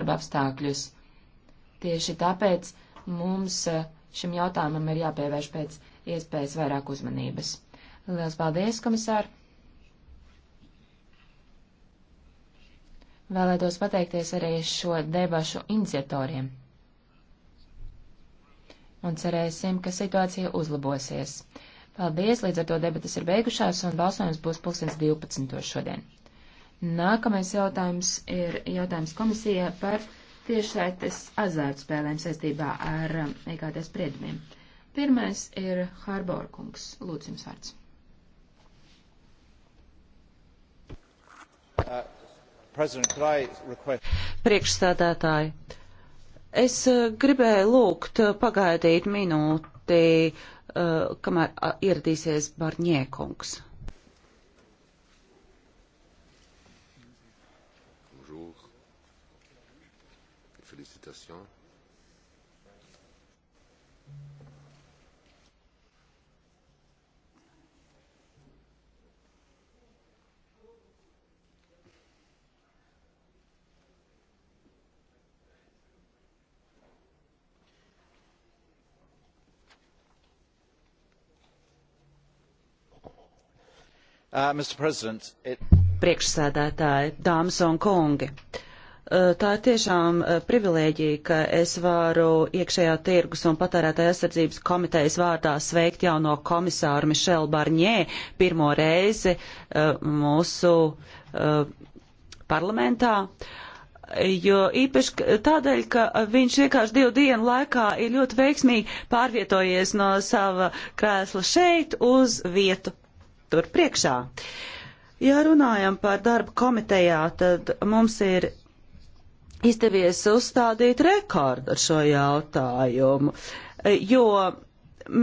darba apstākļus. Tieši tāpēc mums eh, šim jautājumam ir jāpievērš pēc iespējas vairāk uzmanības. Lielas paldies, komisār! Vēlētos pateikties arī šo debašu iniciatoriem. Un cerēsim, ka situācija uzlabosies. Paldies, līdz ar to debatas ir beigušās un balsojums būs 2012. šodien. Nākamais jautājums ir jautājums komisijai par tiešsaites azārtspēlēm saistībā ar um, EKT spriedumiem. Pirmais ir Hārborkungs. Lūdzu, jums vārds. Uh, request... Priekšstādātāji, es uh, gribēju lūgt uh, pagaidīt minūti, uh, kamēr uh, ieradīsies Barņiekungs. citation. Uh, priekšsēdētāji dāmas un kungi! Eh, tā ir tiešām eh, privilēģija, ka es varu iekšējā tirgus un patērētāja aizsardzības komitejas vārdā sveikt jauno komisāru Mišelu Barņē pirmo reizi eh, mūsu parlamentā. Jo īpaši tādēļ, ka viņš vienkārši divu dienu laikā ir ļoti veiksmīgi pārvietojies no sava krēsla šeit uz vietu tur priekšā. Ja runājam par darbu komitejā, tad mums ir izdevies uzstādīt rekordu ar šo jautājumu, jo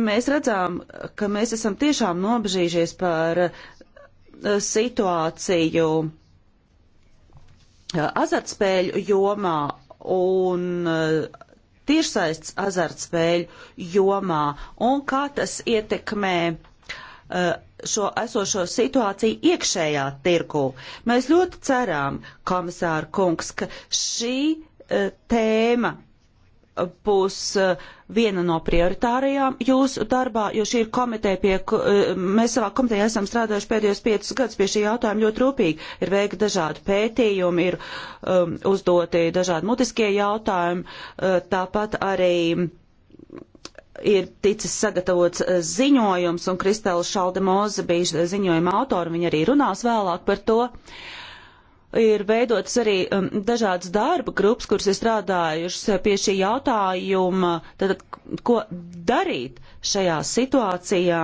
mēs redzām, ka mēs esam tiešām nobežījušies par eh, situāciju eh, azartspēļu jomā un eh, tiešsaists azartspēļu jomā un kā tas ietekmē Eh, šo esošo situāciju iekšējā tirku. Mēs ļoti cerām, komisāra kungs, ka šī eh, tēma būs eh, viena no prioritārajām jūsu darbā, jo šī ir komiteja, pie, mēs savā komitejā esam strādājuši pēdējos piecus gadus pie šī jautājuma ļoti rūpīgi. Ir veikti dažādi pētījumi, ir um, uzdoti dažādi mutiskie jautājumi, tāpat arī ir ticis sagatavots eh, ziņojums, un Kristēla Šaldemoza bija ziņojuma autora, viņa arī runās vēlāk par to. Ir veidotas arī um, dažādas darba grupas, kuras ir strādājušas eh, pie šī jautājuma, tad, ko darīt šajā situācijā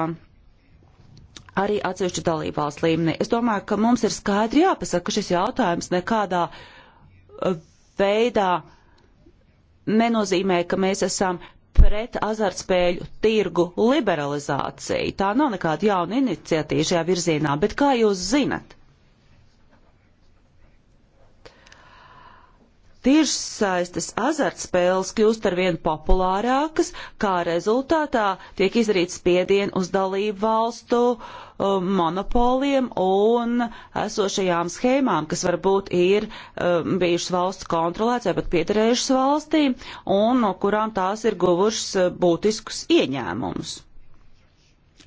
arī atsevišķu dalību valsts līmenī. Es domāju, ka mums ir skaidri jāpasaka, ka šis jautājums nekādā eh, veidā nenozīmē, ka mēs esam pret azartspēļu tirgu liberalizāciju. Tā nav nekāda jauna iniciatīva šajā virzienā, bet kā jūs zinat? Tiešsaistes azartspēles kļūst arvien populārākas, kā rezultātā tiek izdarīts spiediens uz dalību valstu uh, Um, monopoliem un esošajām schēmām, kas varbūt ir um, bijušas valsts kontrolēts vai pat piedarējušas valstī un no kurām tās ir guvušas uh, būtiskus ieņēmumus.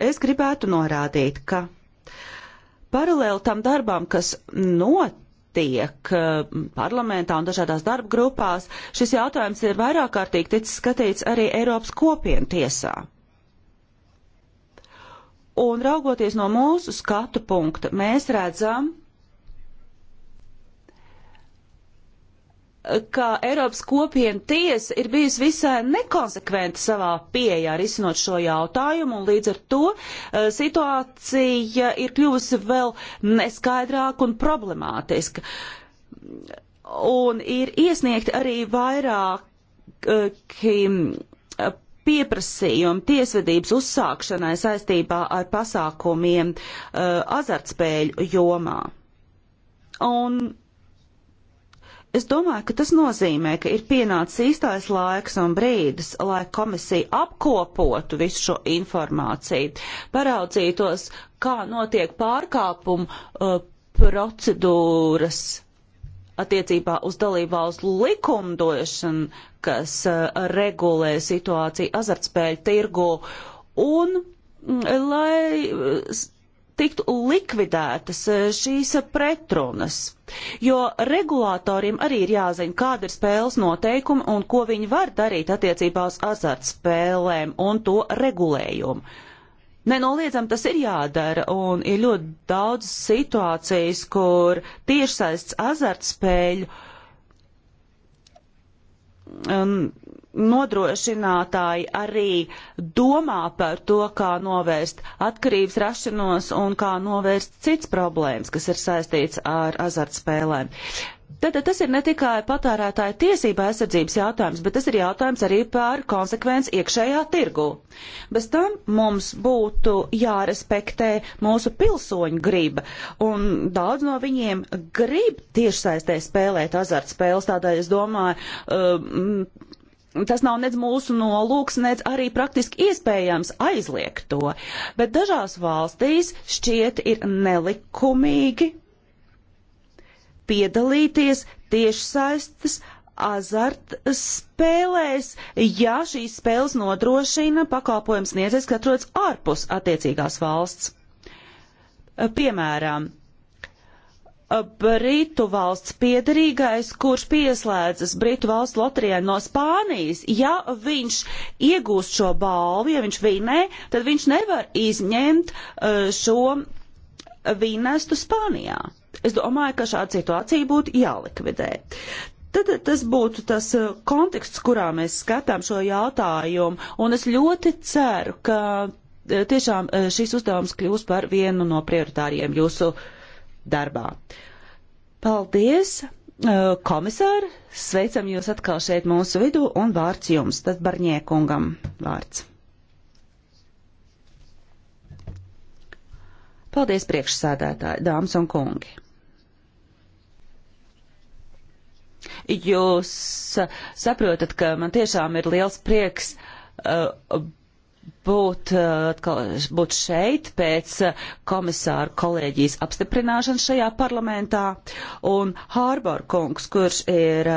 Es gribētu norādīt, ka paralēli tam darbām, kas notiek, tiek um, parlamentā un dažādās darba grupās. Šis jautājums ir vairāk kārtīgi ticis skatīts arī Eiropas kopienu tiesā. Un raugoties no mūsu skatu punkta, mēs redzam, ka Eiropas kopiena tiesa ir bijusi visai nekonsekventa savā pieejā risinot šo jautājumu, un līdz ar to uh, situācija ir kļuvusi vēl neskaidrāka un problemātiska. Un ir iesniegti arī vairāki uh, pieprasījumi tiesvedības uzsākšanai saistībā ar pasākumiem uh, azartspēļu jomā. Un es domāju, ka tas nozīmē, ka ir pienācis īstais laiks un brīdis, lai komisija apkopotu visu šo informāciju, paraudzītos, kā notiek pārkāpumu uh, procedūras attiecībā uz dalībvalstu likumdošanu, kas uh, regulē situāciju azartspēļu tirgu un mm, lai uh, tiktu likvidētas uh, šīs pretrunas. Jo regulātoriem arī ir jāzina, kāda ir spēles noteikumi un ko viņi var darīt attiecībā uz azartspēlēm un to regulējumu. Nenoliedzam, tas ir jādara, un ir ļoti daudz situācijas, kur tiešsaists azartspēļu um, nodrošinātāji arī domā par to, kā novērst atkarības rašanos un kā novērst cits problēmas, kas ir saistīts ar azartspēlēm. Uh, Tātad tas ir ne tikai patērētāja tiesība aizsardzības jautājums, bet tas ir jautājums arī par konsekvenci iekšējā tirgu. Bez tam mums būtu jārespektē mūsu pilsoņu griba, un daudz no viņiem grib tiešsaistē spēlēt azartspēles, tādēļ es domāju, um, Tas nav nec mūsu nolūks, nec arī praktiski iespējams aizliegt to, bet dažās valstīs šķiet ir nelikumīgi piedalīties tiešsaistes azartspēlēs, ja šīs spēles nodrošina pakalpojums niedzēs, kas atrodas ārpus attiecīgās valsts. Piemēram, Britu valsts piedarīgais, kurš pieslēdzas Britu valsts loterijai no Spānijas, ja viņš iegūst šo balvu, ja viņš vinē, tad viņš nevar izņemt uh, šo vinestu Spānijā. Es domāju, ka šāda situācija būtu jālikvidē. Tad tas būtu tas uh, konteksts, kurā mēs skatām šo jautājumu, un es ļoti ceru, ka uh, tiešām uh, šīs uzdevums kļūs par vienu no prioritāriem jūsu darbā. Paldies, komisāri! Sveicam jūs atkal šeit mūsu vidū, un vārds jums, tad Barņiekungam vārds. Paldies, priekšsādātāji, dāmas un kungi! Jūs uh, saprotat, ka man tiešām ir liels prieks uh, būt, uh, atkal, būt šeit pēc uh, komisāra kolēģijas apstiprināšanas šajā parlamentā. Un Hārbor kungs, kurš ir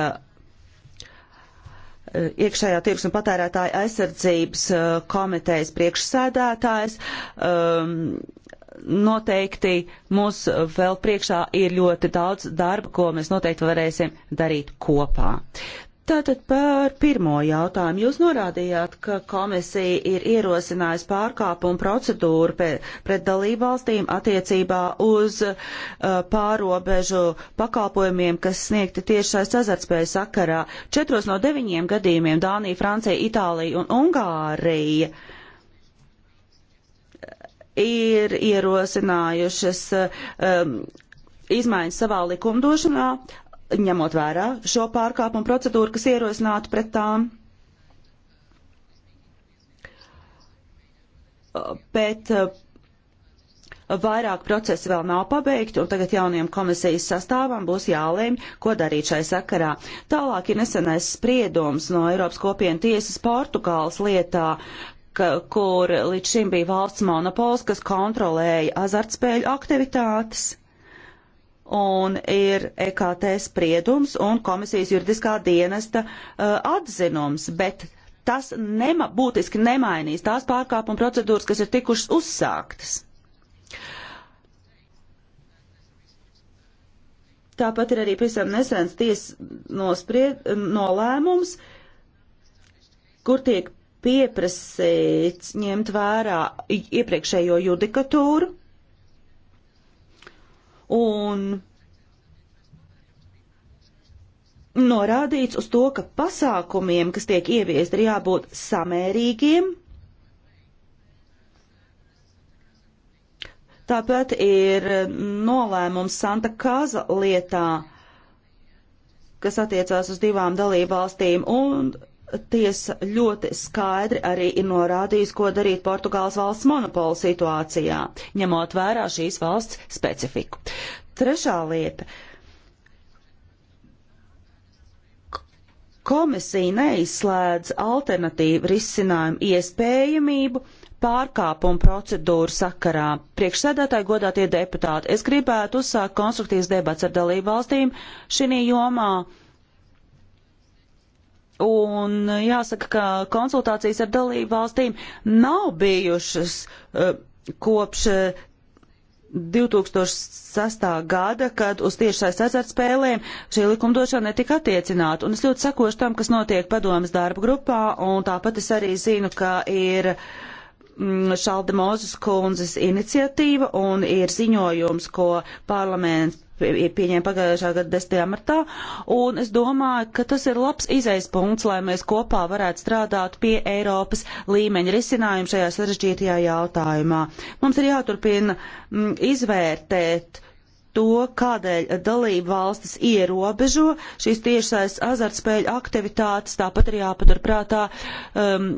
iekšējā tirgus un patērētāja aizsardzības komitejas priekšsēdētājs, um, noteikti mums vēl priekšā ir ļoti daudz darba, ko mēs noteikti varēsim darīt kopā. Tātad par pirmo jautājumu. Jūs norādījāt, ka komisija ir ierosinājusi pārkāpumu procedūru pret dalību valstīm attiecībā uz uh, pārobežu pakalpojumiem, kas sniegti tiešais azartspēju sakarā. Četros no deviņiem gadījumiem Dānija, Francija, Itālija un Ungārija uh, ir ierosinājušas um, izmaiņas savā likumdošanā, ņemot vērā šo pārkāpumu procedūru, kas ierosinātu pret tām. Bet uh, vairāk procesi vēl nav pabeigti, un tagad jaunajam komisijas sastāvam būs jālēm, ko darīt šai sakarā. Tālāk ir nesenais spriedums no Eiropas kopienu tiesas Portugāles lietā, ka, kur līdz šim bija valsts monopols, kas kontrolēja azartspēļu aktivitātes. Un ir EKT spriedums un komisijas juridiskā dienesta uh, atzinums, bet tas nema, būtiski nemainīs tās pārkāpuma procedūras, kas ir tikušas uzsāktas. Tāpat ir arī pavisam nesens tiesas nospried, nolēmums, kur tiek pieprasīts ņemt vērā iepriekšējo judikatūru un norādīts uz to, ka pasākumiem, kas tiek ieviest, ir jābūt samērīgiem. Tāpat ir nolēmums Santa Kaza lietā, kas attiecās uz divām dalībvalstīm, un tiesa ļoti skaidri arī ir norādījusi, ko darīt Portugāles valsts monopola situācijā, ņemot vērā šīs valsts specifiku. Trešā lieta. Komisija neizslēdz alternatīvu risinājumu iespējamību pārkāpumu procedūru sakarā. Priekšsēdētāji godātie deputāti, es gribētu uzsākt konstruktīvas debats ar dalību valstīm šī jomā Un uh, jāsaka, ka konsultācijas ar dalību valstīm nav bijušas uh, kopš 2006. Uh, gada, kad uz tiešais azartspēlēm šī likumdošana netika attiecināta. Un es ļoti sakošu tam, kas notiek padomas darba grupā, un tāpat es arī zinu, ka ir mm, Šalda Mozes kundzes iniciatīva un ir ziņojums, ko parlaments pieņēma pagājušā gada 10. martā, un es domāju, ka tas ir labs izaisa punkts, lai mēs kopā varētu strādāt pie Eiropas līmeņa risinājuma šajā sarežģītajā jautājumā. Mums ir jāturpina m, mm, izvērtēt to, kādēļ dalība valstis ierobežo šīs tiešais azartspēļu aktivitātes, tāpat ir jāpaturprātā. Um,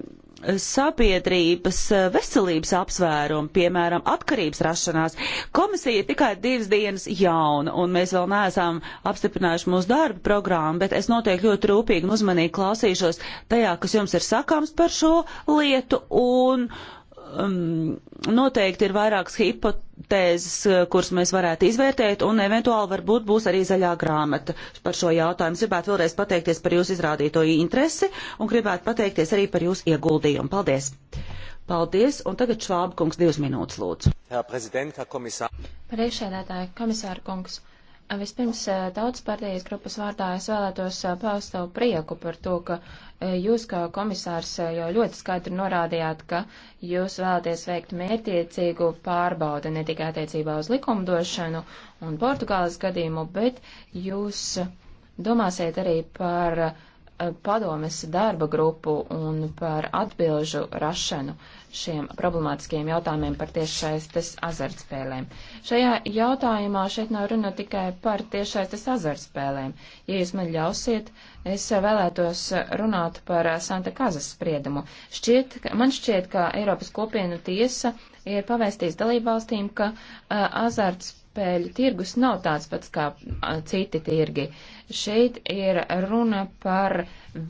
sabiedrības eh, veselības apsvērumu, piemēram, atkarības rašanās. Komisija ir tikai divas dienas jauna, un mēs vēl neesam apstiprinājuši mūsu darba programmu, bet es noteikti ļoti rūpīgi un uzmanīgi klausīšos tajā, kas jums ir sakāms par šo lietu, un um, noteikti ir vairākas hipotēzes, uh, kuras mēs varētu izvērtēt, un eventuāli varbūt būs arī zaļā grāmata par šo jautājumu. Es gribētu vēlreiz pateikties par jūsu izrādīto interesi un gribētu pateikties arī par jūsu ieguldījumu. Paldies! Paldies, un tagad Švāba kungs divas minūtes lūdzu. Priekšsēdētāji, komisāra kungs. Vispirms eh, tautspārtējas grupas vārdā es vēlētos eh, paust savu prieku par to, ka eh, jūs kā komisārs jau ļoti skaidri norādījāt, ka jūs vēlaties veikt mērtiecīgu pārbaudu ne tikai attiecībā uz likumdošanu un Portugāles gadījumu, bet jūs domāsiet arī par padomes darba grupu un par atbilžu rašanu. Uh, šiem problemātiskiem jautājumiem par tiešsaistes azartspēlēm. Šajā jautājumā šeit nav runa tikai par tiešsaistes azartspēlēm. Ja jūs man ļausiet, es vēlētos runāt par Santa Kazas spriedumu. Šķiet, man šķiet, ka Eiropas kopienu tiesa ir pavēstījis dalībvalstīm, ka azartspēļu tirgus nav tāds pats kā citi tirgi. Šeit ir runa par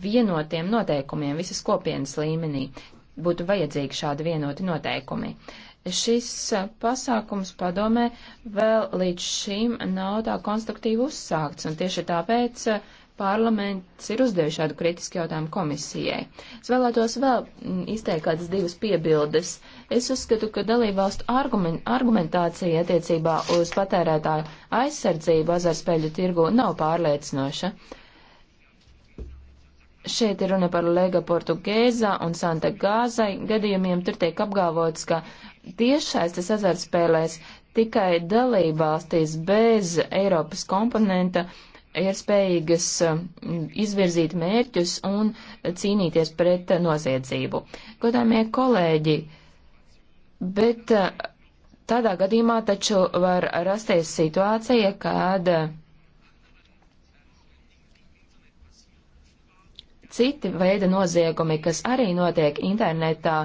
vienotiem noteikumiem visas kopienas līmenī būtu vajadzīgi šādi vienoti noteikumi. Šis eh, pasākums padomē vēl līdz šim nav tā konstruktīvi uzsākts, un tieši tāpēc eh, parlaments ir uzdevis šādu kritisku jautājumu komisijai. Es vēlētos vēl mm, izteikt kādas divas piebildes. Es uzskatu, ka dalībvalstu argument, argumentācija attiecībā uz patērētāju aizsardzību azarspēļu tirgu nav pārliecinoša. Šeit ir runa par Lega Portugēza un Santa Gāzai gadījumiem. Tur tiek apgalvots, ka tiešsaistes azartspēlēs tikai dalībvalstīs bez Eiropas komponenta ir spējīgas um, izvirzīt mērķus un cīnīties pret noziedzību. Godāmie kolēģi, bet uh, tādā gadījumā taču var rasties situācija, kāda citi veidi noziegumi, kas arī notiek internetā,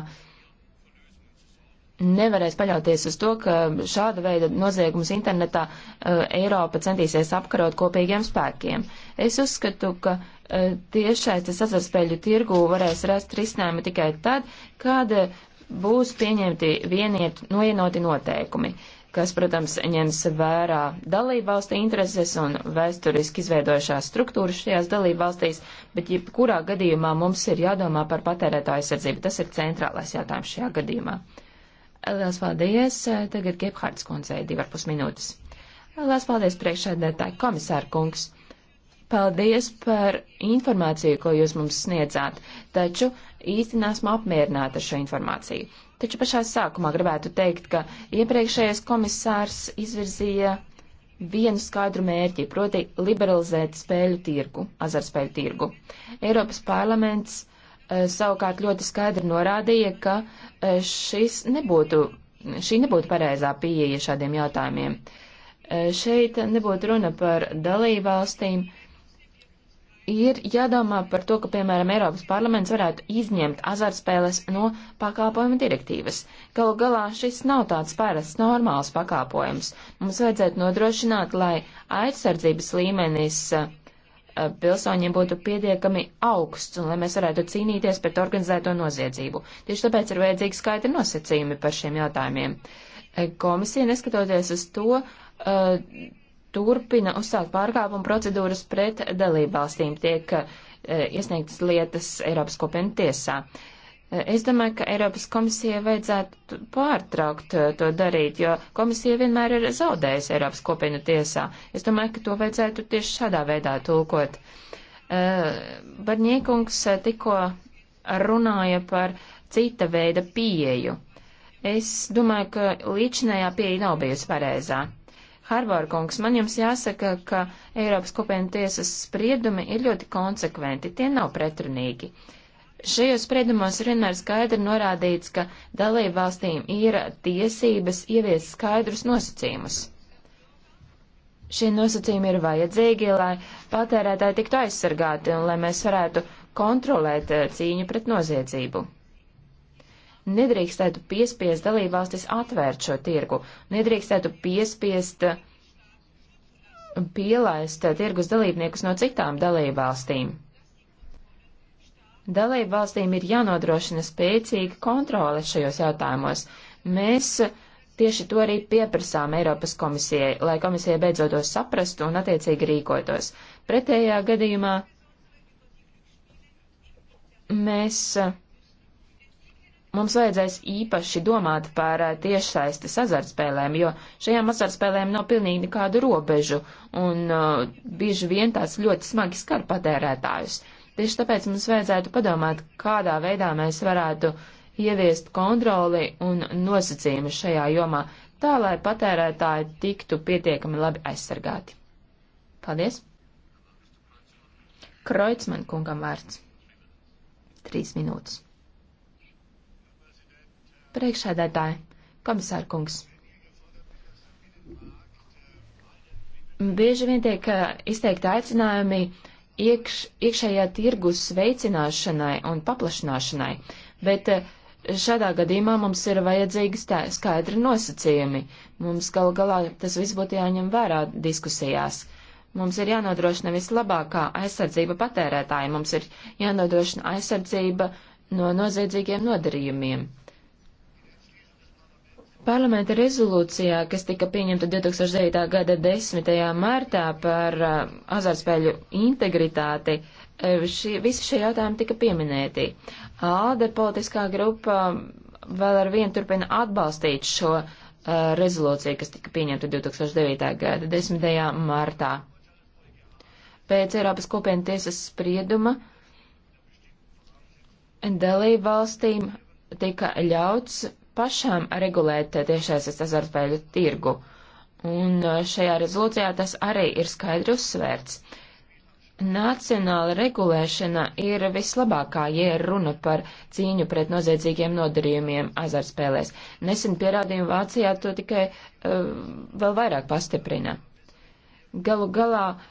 nevarēs paļauties uz to, ka šāda veida noziegumus internetā uh, Eiropa centīsies apkarot kopīgiem spēkiem. Es uzskatu, ka uh, tiešais tas azarspēļu tirgu varēs rast risinājumu tikai tad, kad uh, būs pieņemti vieniet, noienoti noteikumi. Uh, kas, protams, ņems vērā dalībvalstu intereses un vēsturiski izveidojušās struktūras šajās dalībvalstīs, bet jebkurā gadījumā mums ir jādomā par patērētāju aizsardzību. Tas ir centrālais jautājums šajā gadījumā. Lielas paldies! Tagad Gebhards kundzei divarpus minūtes. Lielas paldies priekšēdētāji komisāra kungs! Paldies par informāciju, ko jūs mums sniedzāt, taču īsti nesmu apmierināta ar šo informāciju. Taču pašā sākumā gribētu teikt, ka iepriekšējais komisārs izvirzīja vienu skaidru mērķi, proti liberalizēt spēļu tirgu, azarspēļu tirgu. Eiropas parlaments e, savukārt ļoti skaidri norādīja, ka e, šis nebūtu, šī nebūtu pareizā pieeja šādiem jautājumiem. E, šeit nebūtu runa par dalībvalstīm, valstīm, ir jādomā par to, ka, piemēram, Eiropas parlaments varētu izņemt azartspēles no pakāpojuma direktīvas. Galu galā šis nav tāds parasts normāls pakāpojums. Mums vajadzētu nodrošināt, lai aizsardzības līmenis eh, pilsoņiem būtu pietiekami augsts un lai mēs varētu cīnīties pret organizēto noziedzību. Tieši tāpēc ir vajadzīgi skaidri nosacījumi par šiem jautājumiem. Eh, komisija, neskatoties uz to, eh, turpina uzsākt pārkāpumu procedūras pret dalībvalstīm, tiek e, iesniegtas lietas Eiropas kopienu tiesā. E, es domāju, ka Eiropas komisija vajadzētu pārtraukt eh, to darīt, jo komisija vienmēr ir zaudējusi Eiropas kopienu tiesā. Es domāju, ka to vajadzētu tieši šādā veidā tulkot. E, Barņiekungs tikko runāja par cita veida pieeju. Es domāju, ka līdšanējā pieeja nav bijusi pareizā. Harbārkungs, man jums jāsaka, ka Eiropas kopienu tiesas spriedumi ir ļoti konsekventi, tie nav pretrunīgi. Šajos spriedumos ir vienmēr skaidri norādīts, ka dalību valstīm ir tiesības ievies skaidrus nosacījumus. Šie nosacījumi ir vajadzīgi, lai patērētāji tiktu aizsargāti un lai mēs varētu kontrolēt eh, cīņu pret noziedzību nedrīkstētu piespiest dalībvalstis atvērt šo tirgu, nedrīkstētu piespiest uh, pielaist uh, tirgus dalībniekus no citām dalībvalstīm. Dalībvalstīm ir jānodrošina spēcīga kontrole šajos jautājumos. Mēs uh, tieši to arī pieprasām Eiropas komisijai, lai komisija beidzot to saprastu un attiecīgi rīkotos. Pretējā gadījumā mēs mums vajadzēs īpaši domāt par eh, tiešsaistes azartspēlēm, jo šajām azartspēlēm nav pilnīgi nekādu robežu, un uh, bieži vien tās ļoti smagi skar patērētājus. Tieši tāpēc mums vajadzētu padomāt, kādā veidā mēs varētu ieviest kontroli un nosacījumus šajā jomā, tā lai patērētāji tiktu pietiekami labi aizsargāti. Paldies! Kreutzmann kungam vārds. Trīs minūtes. Priekšsēdētāji, komisārkungs. Bieži vien tiek eh, izteikti aicinājumi iekš, iekšējā tirgus veicināšanai un paplašināšanai, bet eh, šādā gadījumā mums ir vajadzīgi skaidri nosacījumi. Mums gal galā tas viss būtu jāņem vērā diskusijās. Mums ir jānodrošina vislabākā aizsardzība patērētājiem, mums ir jānodrošina aizsardzība no noziedzīgiem nodarījumiem. Parlamenta rezolūcijā, kas tika pieņemta 2009. gada 10. martā par uh, azartspēļu integritāti, uh, šie, visi šie jautājumi tika pieminēti. ALDE politiskā grupa vēl ar vienu turpina atbalstīt šo uh, rezolūciju, kas tika pieņemta 2009. gada 10. martā. Pēc Eiropas kopienas tiesas sprieduma dalību valstīm tika ļauts pašām regulēt tiešais azartspēļu tirgu. Un uh, šajā rezolūcijā tas arī ir skaidri uzsvērts. Nacionāla regulēšana ir vislabākā, ja ir runa par cīņu pret noziedzīgiem nodarījumiem azartspēlēs. Nesen pierādījumi Vācijā to tikai uh, vēl vairāk pastiprina. Galu galā uh,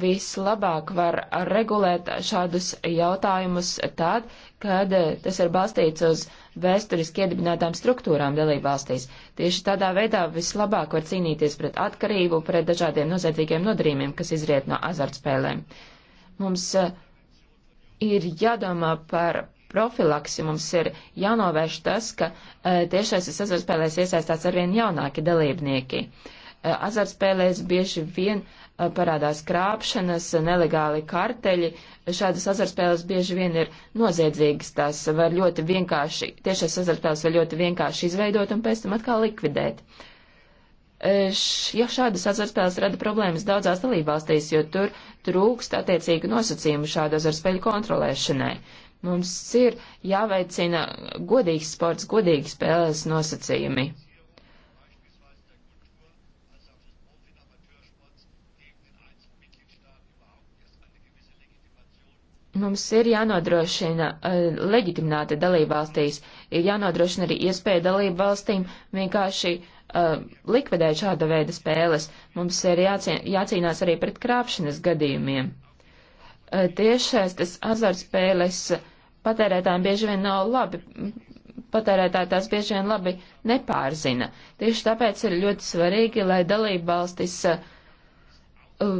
vislabāk var regulēt šādus jautājumus tad, kad eh, tas ir balstīts uz vēsturiski iedibinātām struktūrām dalībvalstīs. Tieši tādā veidā vislabāk var cīnīties pret atkarību, pret dažādiem noziedzīgiem nodarījumiem, kas izriet no azartspēlēm. Mums eh, ir jādomā par profilaksi, mums ir jānovērš tas, ka eh, tiešais azartspēlēs iesaistās arvien jaunāki dalībnieki. Azartspēlēs bieži vien uh, Eh, parādās krāpšanas, nelegāli karteļi. Šādas azartspēles bieži vien ir noziedzīgas. Tās var ļoti vienkārši, tiešais azartspēles var ļoti vienkārši izveidot un pēc tam atkal likvidēt. Eh, ja šādas azartspēles rada problēmas daudzās dalībvalstīs, jo tur trūkst attiecīgu nosacījumu šādu azartspēļu kontrolēšanai. Mums ir jāveicina godīgs sports, godīgi spēles nosacījumi. Mums ir jānodrošina uh, eh, leģitimitāte dalībvalstīs, ir jānodrošina arī iespēja dalībvalstīm vienkārši uh, likvidēt šāda veida spēles. Mums ir jācien, jācīnās arī pret krāpšanas gadījumiem. Uh, tiešais tas azartspēles patērētājiem bieži vien nav labi, patērētāji tās bieži vien labi nepārzina. Tieši tāpēc ir ļoti svarīgi, lai dalībvalstis uh,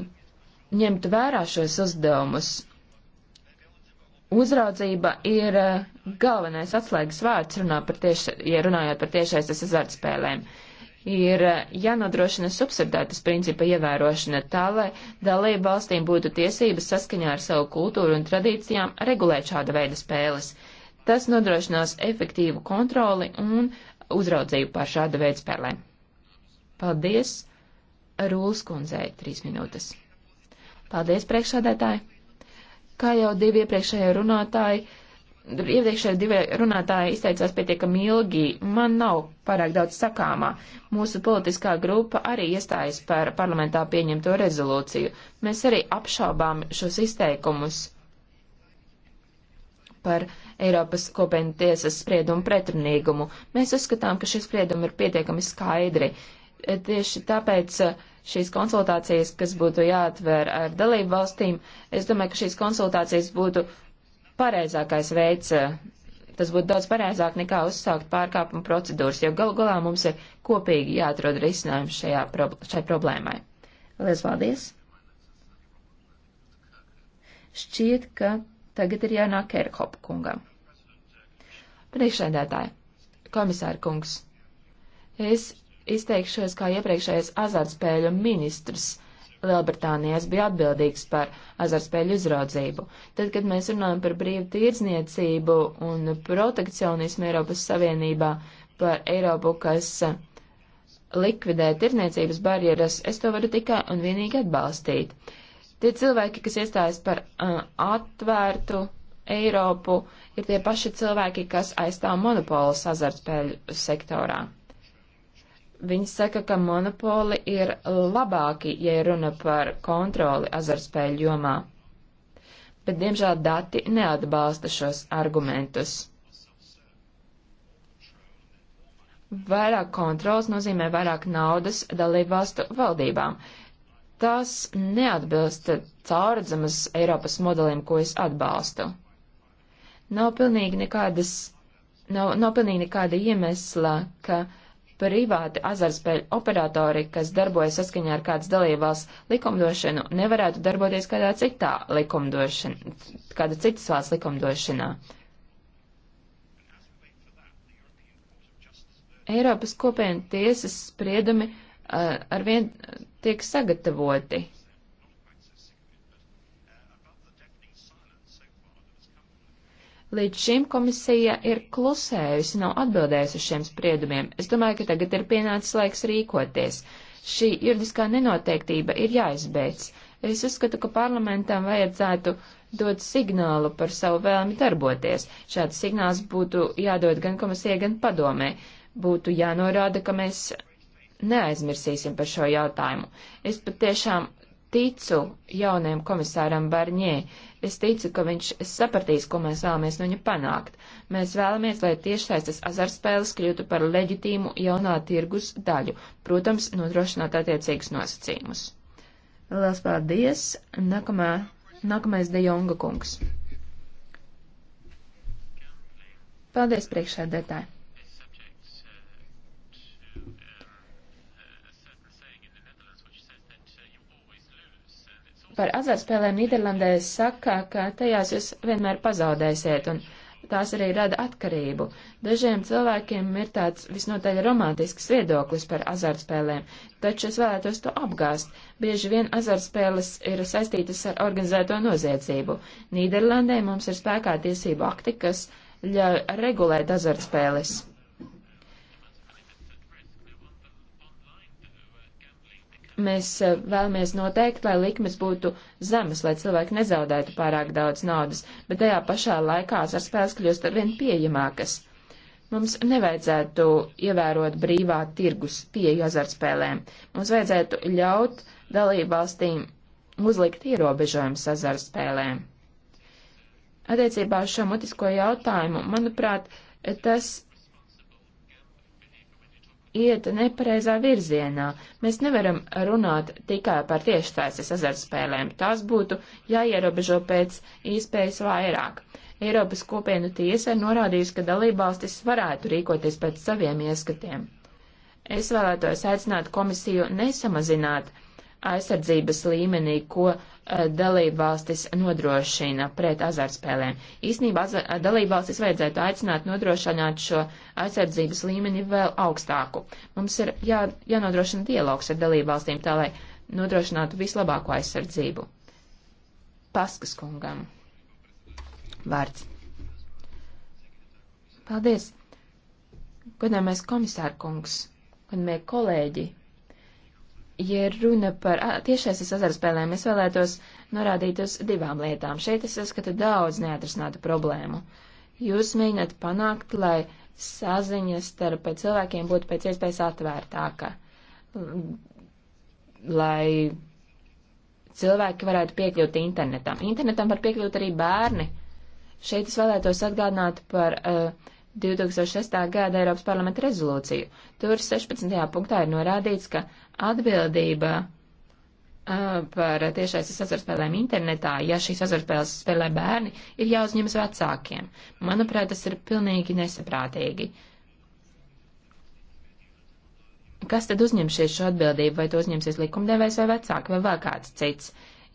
ņemtu vērā šos uzdevumus uzraudzība ir eh, galvenais atslēgas vārds, runā par tieši, ja runājot par tiešaisas azartspēlēm. Ir eh, jānodrošina subsidētas principa ievērošana tā, lai dalību valstīm būtu tiesības saskaņā ar savu kultūru un tradīcijām regulēt šāda veida spēles. Tas nodrošinās efektīvu kontroli un uzraudzību pār šāda veida spēlēm. Paldies! Rūlas kundzei trīs minūtes. Paldies, priekšsādētāji! Kā jau divi iepriekšējie runātāji, iepriekšējie divi runātāji izteicās pietiekami ilgi, man nav pārāk daudz sakāmā. Mūsu politiskā grupa arī iestājas par parlamentā pieņemto rezolūciju. Mēs arī apšaubām šos izteikumus par Eiropas kopienas tiesas spriedumu pretrunīgumu. Mēs uzskatām, ka šie spriedumi ir pietiekami skaidri. Tieši tāpēc uh, šīs konsultācijas, kas būtu jāatver ar dalību valstīm, es domāju, ka šīs konsultācijas būtu pareizākais veids, eh, tas būtu daudz pareizāk nekā uzsākt pārkāpuma procedūras, jo galu galā mums ir kopīgi jāatrod risinājums šajā, šai problēmai. Lielas paldies! Šķiet, ka tagad ir jānāk Kerkhopa kungam. Priekšsēdētāji, komisāra kungs, es izteikšos kā iepriekšējais azartspēļu ministrs. Lielbritānijā es biju atbildīgs par azartspēļu uzraudzību. Tad, kad mēs runājam par brīvu tirdzniecību un protekcionismu Eiropas Savienībā, par Eiropu, kas likvidē tirdzniecības barjeras, es to varu tikai un vienīgi atbalstīt. Tie cilvēki, kas iestājas par uh, atvērtu Eiropu, ir tie paši cilvēki, kas aizstāv monopolus azartspēļu sektorā. Viņi saka, ka monopoli ir labāki, ja runa par kontroli azarspēļu jomā. Bet, diemžēl, dati neatbalsta šos argumentus. Vairāk kontrols nozīmē vairāk naudas dalībvalstu valdībām. Tas neatbilst cauradzamas Eiropas modelim, ko es atbalstu. Nav pilnīgi nekādas, nav, nav pilnīgi nekāda iemesla, ka uh, privāti azarspēļu operatori, kas darbojas saskaņā ar kādas dalībās likumdošanu, nevarētu darboties kādā citā likumdošanā, kāda citas valsts likumdošanā. Eiropas kopienu tiesas spriedumi uh, arvien tiek sagatavoti. Līdz šim komisija ir klusējusi, nav atbildējusi uz šiem spriedumiem. Es domāju, ka tagad ir pienācis laiks rīkoties. Šī juridiskā nenoteiktība ir jāizbeidz. Es uzskatu, ka parlamentam vajadzētu dot signālu par savu vēlmi darboties. Šāds signāls būtu jādod gan komisijai, gan padomē. Būtu jānorāda, ka mēs neaizmirsīsim par šo jautājumu. Es patiešām ticu jaunajam komisāram Barņē. Es ticu, ka viņš sapratīs, ko mēs vēlamies no viņa panākt. Mēs vēlamies, lai tiešsaistes azartspēles kļūtu par leģitīmu jaunā tirgus daļu, protams, nodrošināt attiecīgus nosacījumus. Lielas paldies! Nākamā, nākamais De Jonga kungs. Paldies priekšsēdētāji! par azartspēlēm Nīderlandē saka, ka tajās jūs vienmēr pazaudēsiet, un tās arī rada atkarību. Dažiem cilvēkiem ir tāds visnotaļ romantisks viedoklis par azartspēlēm, taču es vēlētos to apgāst. Bieži vien azartspēles ir saistītas ar organizēto noziedzību. Nīderlandē mums ir spēkā tiesība akti, kas ļauj regulēt azartspēles. Mēs e, vēlamies noteikt, lai likmes būtu zemes, lai cilvēki nezaudētu pārāk daudz naudas, bet tajā pašā laikā ar spēles kļūst arvien pieejamākas. Mums nevajadzētu ievērot brīvā tirgus pieeju azartspēlēm. Mums vajadzētu ļaut dalībvalstīm uzlikt ierobežojumus azartspēlēm. Attiecībā uz šo mutisko jautājumu, manuprāt, tas iet nepareizā virzienā. Mēs nevaram runāt tikai par tiešsaistes azartspēlēm. Tās būtu jāierobežo pēc iespējas vairāk. Eiropas kopienu tiesa ir norādījusi, ka dalībvalstis varētu rīkoties pēc saviem ieskatiem. Es vēlētos aicināt komisiju nesamazināt aizsardzības līmenī, ko eh, dalībvalstis nodrošina pret azartspēlēm. Īsnībā dalībvalstis vajadzētu aicināt nodrošināt šo aizsardzības līmeni vēl augstāku. Mums ir jā, jānodrošina dialogs ar dalībvalstīm tā, lai nodrošinātu vislabāko aizsardzību. Paskas kungam. Vārds. Paldies. Godāmais komisārkungs, godāmie kolēģi, Ja runa par tiešais azartspēlēm, es vēlētos norādīt uz divām lietām. Šeit es saskatu daudz neatrisinātu problēmu. Jūs mēģināt panākt, lai saziņa starp cilvēkiem būtu pēc iespējas atvērtāka, lai cilvēki varētu piekļūt internetam. Internetam var piekļūt arī bērni. Šeit es vēlētos atgādināt par uh, 2006. gada Eiropas parlamenta rezolūciju. Tur 16. punktā ir norādīts, ka atbildība par tiešais azartspēlēm internetā, ja šīs azartspēles spēlē bērni, ir jāuzņemas vecākiem. Manuprāt, tas ir pilnīgi nesaprātīgi. Kas tad uzņemsies šo atbildību, vai to uzņemsies likumdevējs vai vecāki vai vēl kāds cits?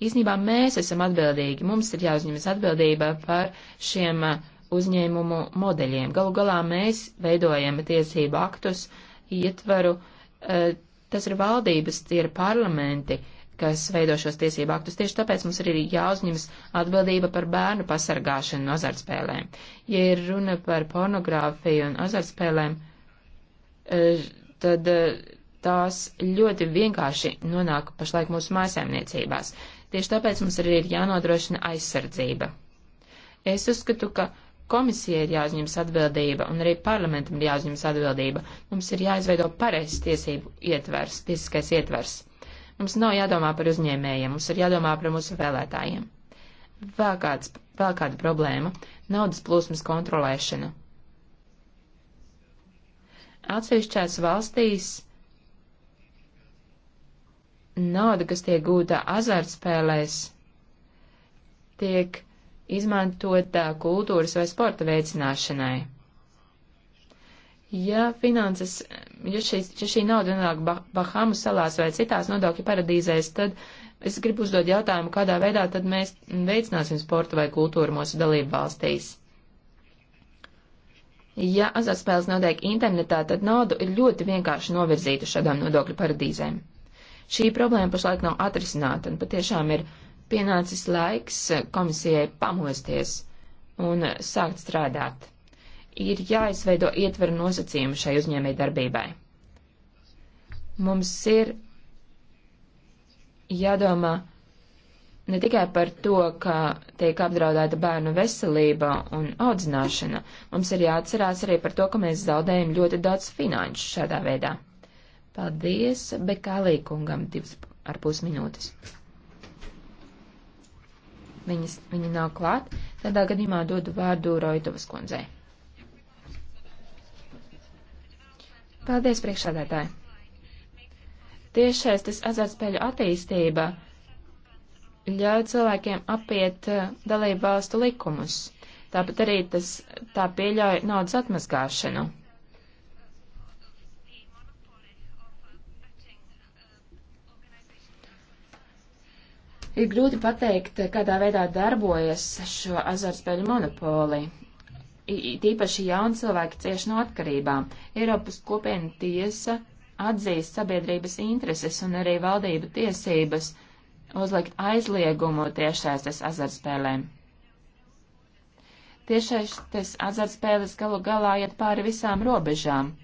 Īsnībā mēs esam atbildīgi, mums ir jāuzņemas atbildība par šiem uh, uzņēmumu modeļiem. Galu galā mēs veidojam tiesību aktus, ietvaru, eh, tas ir valdības, tie ir parlamenti, kas veido šos tiesību aktus. Tieši tāpēc mums ir arī jāuzņemas atbildība par bērnu pasargāšanu no azartspēlēm. Ja ir runa par pornogrāfiju un azartspēlēm, eh, tad eh, tās ļoti vienkārši nonāk pašlaik mūsu mājasēmniecībās. Tieši tāpēc mums arī ir jānodrošina aizsardzība. Es uzskatu, ka Komisija ir jāuzņemas atbildība un arī parlamentam ir jāuzņemas atbildība. Mums ir jāizveido pareizs tiesību ietvers, tiesiskais ietvers. Mums nav jādomā par uzņēmējiem, mums ir jādomā par mūsu vēlētājiem. Vēl, kāds, vēl kāda problēma - naudas plūsmas kontrolēšana. Atsevišķās valstīs nauda, kas tiek gūta azartspēlēs, tiek izmantot kultūras vai sporta veicināšanai. Ja finanses, ja, šīs, ja šī nauda nonāk bah Bahamu salās vai citās nodokļu paradīzēs, tad es gribu uzdot jautājumu, kādā veidā tad mēs veicināsim sportu vai kultūru mūsu dalību valstīs. Ja azartspēles notiek internetā, tad naudu ir ļoti vienkārši novirzīta šādām nodokļu paradīzēm. Šī problēma pašlaik nav atrisināta un patiešām ir pienācis laiks komisijai pamosties un sākt strādāt. Ir jāizveido ietveru nosacījumu šai uzņēmēji darbībai. Mums ir jādomā ne tikai par to, ka tiek apdraudēta bērnu veselība un audzināšana, mums ir jāatcerās arī par to, ka mēs zaudējam ļoti daudz finanšu šādā veidā. Paldies, Bekālī kungam divas ar pus minūtes viņas, viņa nav klāt, tādā gadījumā dodu vārdu Roitovas kundzei. Paldies, priekšādētāji! Tiešais tas azartspēļu attīstība ļauj cilvēkiem apiet eh, dalību valstu likumus. Tāpat arī tas tā pieļauj naudas atmazgāšanu. Ir grūti pateikt, kādā veidā darbojas šo azartspēļu monopoli. Tīpaši jauni cilvēki cieši no atkarībām. Eiropas kopiena tiesa atzīst sabiedrības intereses un arī valdību tiesības uzlikt aizliegumu tiešsaistes azartspēlēm. Tiešais tas azartspēles galu galā iet pāri visām robežām.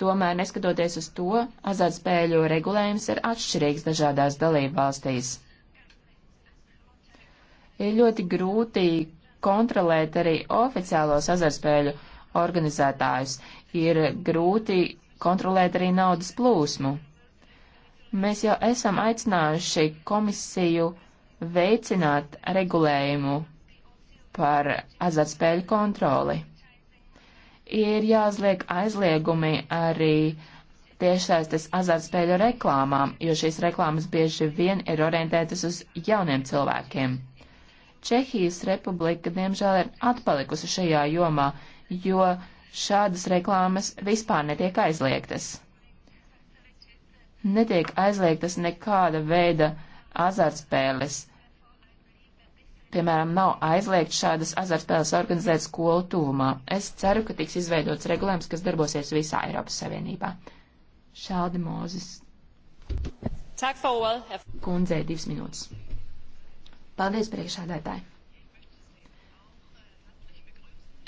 Tomēr, neskatoties uz to, azartspēļu regulējums ir atšķirīgs dažādās dalībvalstīs. Ir ļoti grūti kontrolēt arī oficiālos azartspēļu organizētājus. Ir grūti kontrolēt arī naudas plūsmu. Mēs jau esam aicinājuši komisiju veicināt regulējumu par azartspēļu kontroli ir jāuzliek aizliegumi arī tiešsaistes azartspēļu reklāmām, jo šīs reklāmas bieži vien ir orientētas uz jauniem cilvēkiem. Čehijas republika, diemžēl, ir atpalikusi šajā jomā, jo šādas reklāmas vispār netiek aizliegtas. Netiek aizliegtas nekāda veida azartspēles, Piemēram, nav aizliegt šādas azartspēles organizēt skolu tūmā. Es ceru, ka tiks izveidots regulējums, kas darbosies visā Eiropas Savienībā. Šādi mūzis. Kundzei divas minūtes. Paldies priekšādētāji.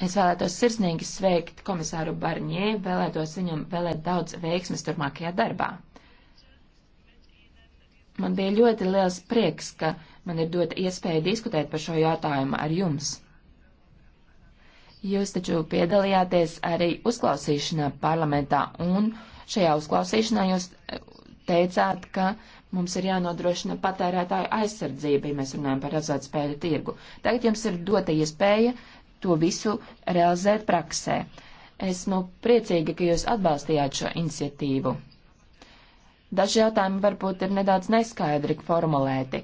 Es vēlētos sirsnīgi sveikt komisāru Barņē, vēlētos viņam vēlēt daudz veiksmes turmākajā darbā. Man bija ļoti liels prieks, ka man ir dota iespēja diskutēt par šo jautājumu ar jums. Jūs taču piedalījāties arī uzklausīšanā parlamentā, un šajā uzklausīšanā jūs eh, teicāt, ka mums ir jānodrošina patērētāju aizsardzība, ja mēs runājam par azartspēļu tirgu. Tagad jums ir dota iespēja to visu realizēt praksē. Esmu priecīga, ka jūs atbalstījāt šo iniciatīvu. Daži jautājumi varbūt ir nedaudz neskaidri formulēti.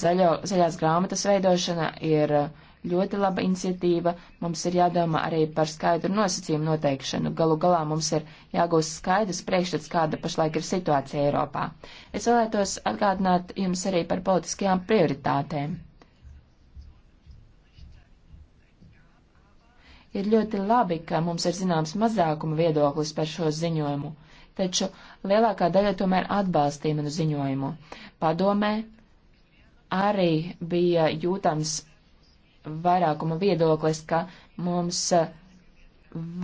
Zaļo, zaļās grāmatas veidošana ir ļoti laba iniciatīva, mums ir jādomā arī par skaidru nosacījumu noteikšanu. Galu galā mums ir jāgūst skaidrs priekšstats, kāda pašlaik ir situācija Eiropā. Es vēlētos atgādināt jums arī par politiskajām prioritātēm. Ir ļoti labi, ka mums ir zināms mazākuma viedoklis par šo ziņojumu taču lielākā daļa tomēr atbalstīja manu ziņojumu. Padomē arī bija jūtams vairākuma viedoklis, ka mums eh,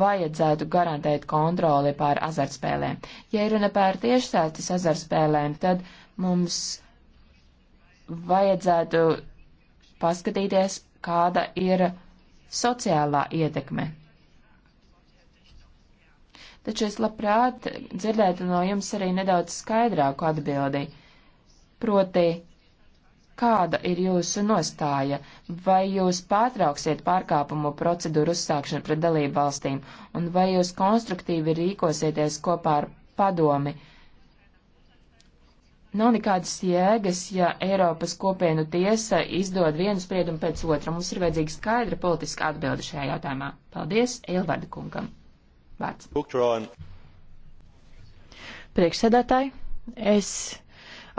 vajadzētu garantēt kontroli pār azartspēlēm. Ja ir runa pār tiešsaistes azartspēlēm, tad mums vajadzētu paskatīties, kāda ir sociālā ietekme taču es labprāt dzirdētu no jums arī nedaudz skaidrāku atbildi. Proti, kāda ir jūsu nostāja? Vai jūs pārtrauksiet pārkāpumu procedūru uzsākšanu pret dalību valstīm, un vai jūs konstruktīvi rīkosieties kopā ar padomi? Nav nekādas jēgas, ja Eiropas kopienu tiesa izdod vienu spriedumu pēc otra. Mums ir vajadzīga skaidra politiska atbilde šajā jautājumā. Paldies Eilvarda kungam! Vārds. Priekšsēdētāji, es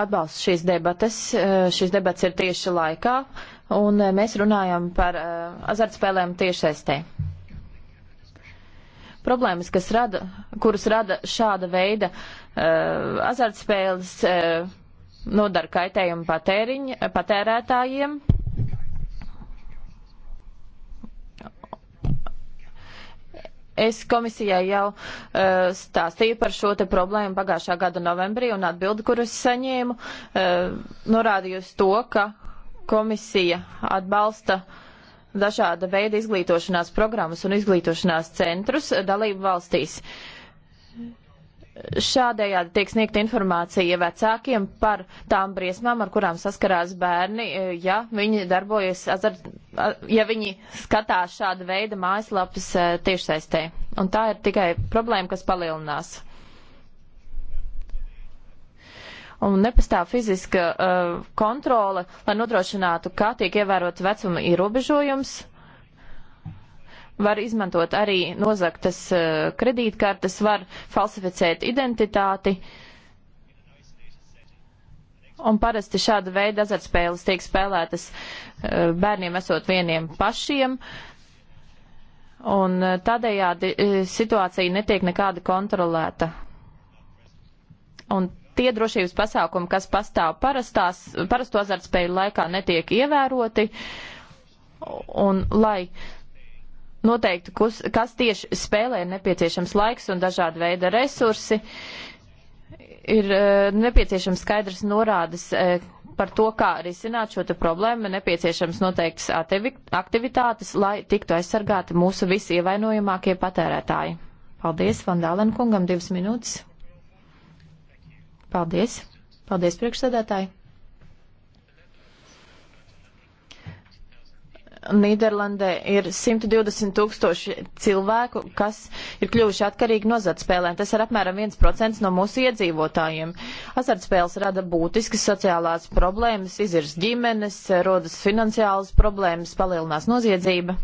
atbalstu šīs debates. Eh, šīs debates ir tieši laikā, un eh, mēs runājam par eh, azartspēlēm tiešsaistē. Problēmas, kas rada, kuras rada šāda veida azartspēles, nodara kaitējumu patēriņ, patērētājiem, Es komisijai jau uh, stāstīju par šo te problēmu pagājušā gada novembrī un atbildi, kur es saņēmu, uh, norādīju uz to, ka komisija atbalsta dažāda veida izglītošanās programmas un izglītošanās centrus dalību valstīs. Šādējādi tiek sniegta informācija vecākiem par tām briesmām, ar kurām saskarās bērni, e, ja viņi darbojas, azar, ja viņi skatās šāda veida mājaslapas e, tiešsaistē. Un tā ir tikai problēma, kas palielinās. Un nepastāv fiziska uh, kontrole, lai nodrošinātu, kā tiek ievērot vecuma ierobežojums var izmantot arī nozaktas eh, kredītkartes, var falsificēt identitāti. Un parasti šāda veida azartspēles tiek spēlētas eh, bērniem esot vieniem pašiem. Un eh, tādējādi situācija netiek nekāda kontrolēta. Un tie drošības pasākumi, kas pastāv parastās, parasto azartspēļu laikā, netiek ievēroti. Un, lai noteikti, kus, kas tieši spēlē ir nepieciešams laiks un dažāda veida resursi. Ir uh, nepieciešams skaidrs norādes uh, par to, kā risināt šo problēmu, nepieciešams noteiktas aktivitātes, lai tiktu aizsargāti mūsu visi ievainojamākie patērētāji. Paldies, Vandālen kungam, divas minūtes. Paldies. Paldies, priekšsēdētāji. Nīderlandē ir 120 tūkstoši cilvēku, kas ir kļuvuši atkarīgi no azartspēlēm. Tas ir apmēram 1% no mūsu iedzīvotājiem. Azartspēles rada būtiskas sociālās problēmas, izirs ģimenes, rodas finansiālas problēmas, palielinās noziedzība.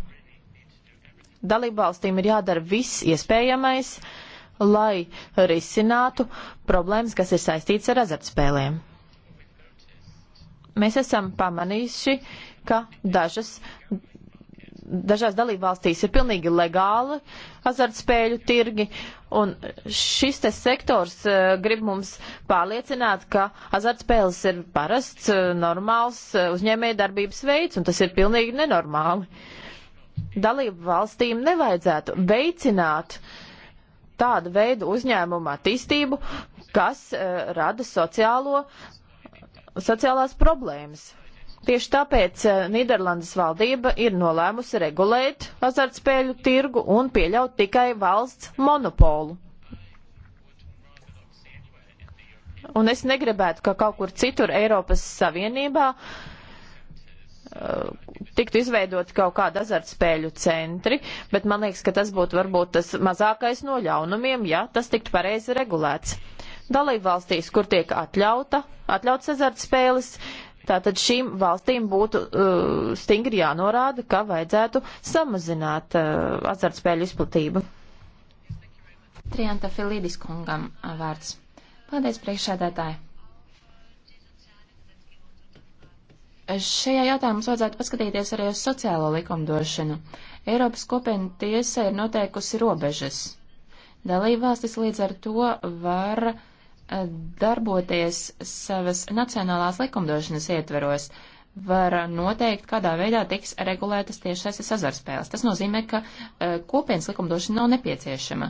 Dalībvalstīm ir jādara viss iespējamais, lai risinātu problēmas, kas ir saistīts ar azartspēlēm mēs esam pamanījuši, ka dažas, dažās dalībvalstīs ir pilnīgi legāli azartspēļu tirgi, un šis te sektors uh, grib mums pārliecināt, ka azartspēles ir parasts, uh, normāls uh, uzņēmēja darbības veids, un tas ir pilnīgi nenormāli. Dalību valstīm nevajadzētu veicināt tādu veidu uzņēmumu attīstību, kas uh, rada sociālo sociālās problēmas. Tieši tāpēc eh, Nīderlandes valdība ir nolēmusi regulēt azartspēļu tirgu un pieļaut tikai valsts monopolu. Un es negribētu, ka kaut kur citur Eiropas Savienībā eh, tiktu izveidot kaut kāda azartspēļu centri, bet man liekas, ka tas būtu varbūt tas mazākais no ļaunumiem, ja tas tiktu pareizi regulēts. Dalībvalstīs, kur tiek atļauta, atļauts azartspēles, tātad šīm valstīm būtu uh, stingri jānorāda, ka vajadzētu samazināt uh, azartspēļu izplatību. Trianta Filidis kungam uh, vārds. Paldies, priekšsēdētāji! Šajā jautājumā mums vajadzētu paskatīties arī uz sociālo likumdošanu. Eiropas kopiena tiesa ir noteikusi robežas. Dalībvalstis līdz ar to var darboties savas nacionālās likumdošanas ietveros, var noteikt, kādā veidā tiks regulētas tiešais sazarspēles. Tas nozīmē, ka eh, kopienas likumdošana nav nepieciešama.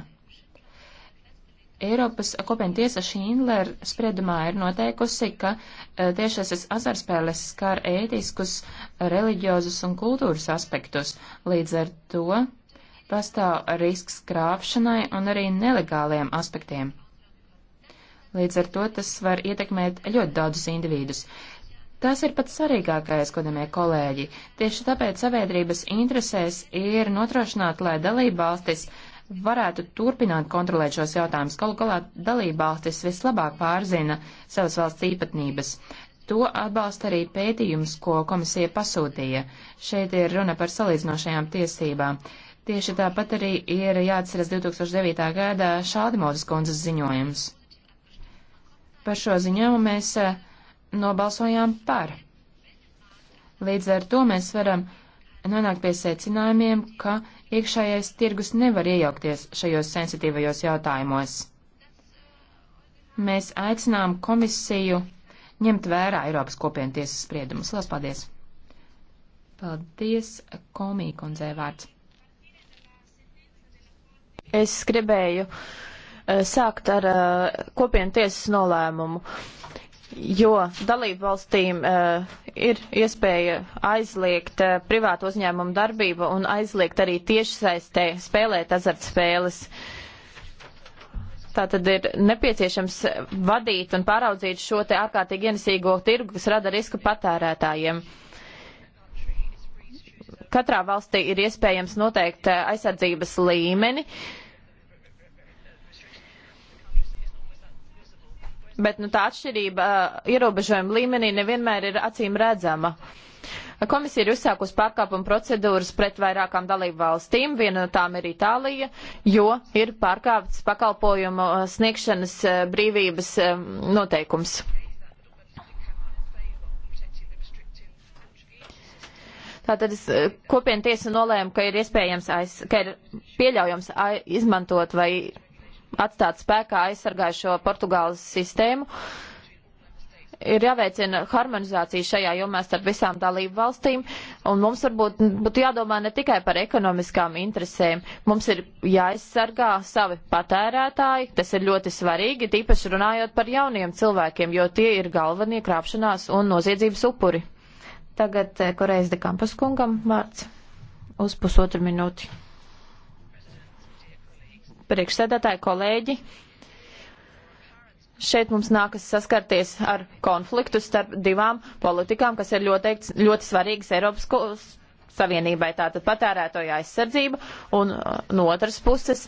Eiropas kopiena tiesa Šīnler spriedumā ir noteikusi, ka eh, tiešais azarspēles skar ētiskus, reliģiozus un kultūras aspektus. Līdz ar to pastāv risks krāpšanai un arī nelegāliem aspektiem. Līdz ar to tas var ietekmēt ļoti daudzus individus. Tas ir pats svarīgākais, godamie kolēģi. Tieši tāpēc sabiedrības interesēs ir notrošināt, lai dalībvalstis varētu turpināt kontrolēt šos jautājumus. Galu galā dalībvalstis vislabāk pārzina savas valsts īpatnības. To atbalsta arī pētījums, ko komisija pasūtīja. Šeit ir runa par salīdzinošajām tiesībām. Tieši tāpat arī ir jāatceras 2009. gadā Šaldimodas kundzes ziņojums. Par šo ziņojumu mēs eh, nobalsojām par. Līdz ar to mēs varam nonākt pie secinājumiem, ka iekšējais tirgus nevar iejaukties šajos sensitīvajos jautājumos. Mēs aicinām komisiju ņemt vērā Eiropas kopientiesas spriedumus. Lielas paldies! Paldies, komī kundzē vārds. Es gribēju Eh, sākt ar eh, kopienu tiesas nolēmumu, jo dalību valstīm eh, ir iespēja aizliegt privātu uzņēmumu darbību un aizliegt arī tiešsaistē spēlēt azartspēles. Tā tad ir nepieciešams vadīt un pāraudzīt šo te ārkārtīgi ienesīgo tirgu, kas rada risku patērētājiem katrā valstī ir iespējams noteikt aizsardzības līmeni, bet nu, tā atšķirība ierobežojuma līmenī nevienmēr ir acīm redzama. Komisija ir uzsākusi pārkāpuma procedūras pret vairākām dalību valstīm, viena no tām ir Itālija, jo ir pārkāpts pakalpojumu sniegšanas brīvības noteikums. Tātad es kopienu tiesa nolēma, ka ir iespējams, aiz, ka ir pieļaujams aiz, izmantot vai atstāt spēkā aizsargājušo Portugāles sistēmu. Ir jāveicina harmonizācija šajā jomā starp visām dalību valstīm, un mums varbūt būtu jādomā ne tikai par ekonomiskām interesēm. Mums ir jāaizsargā savi patērētāji, tas ir ļoti svarīgi, tīpaši runājot par jauniem cilvēkiem, jo tie ir galvenie krāpšanās un noziedzības upuri. Tagad eh, Korejas de Kampas kungam vārds uz pusotru minūti priekšsēdētāji, kolēģi. Šeit mums nākas saskarties ar konfliktu starp divām politikām, kas ir ļoti, ļoti svarīgas Eiropas Savienībai tātad patērētoja aizsardzība un uh, no otras puses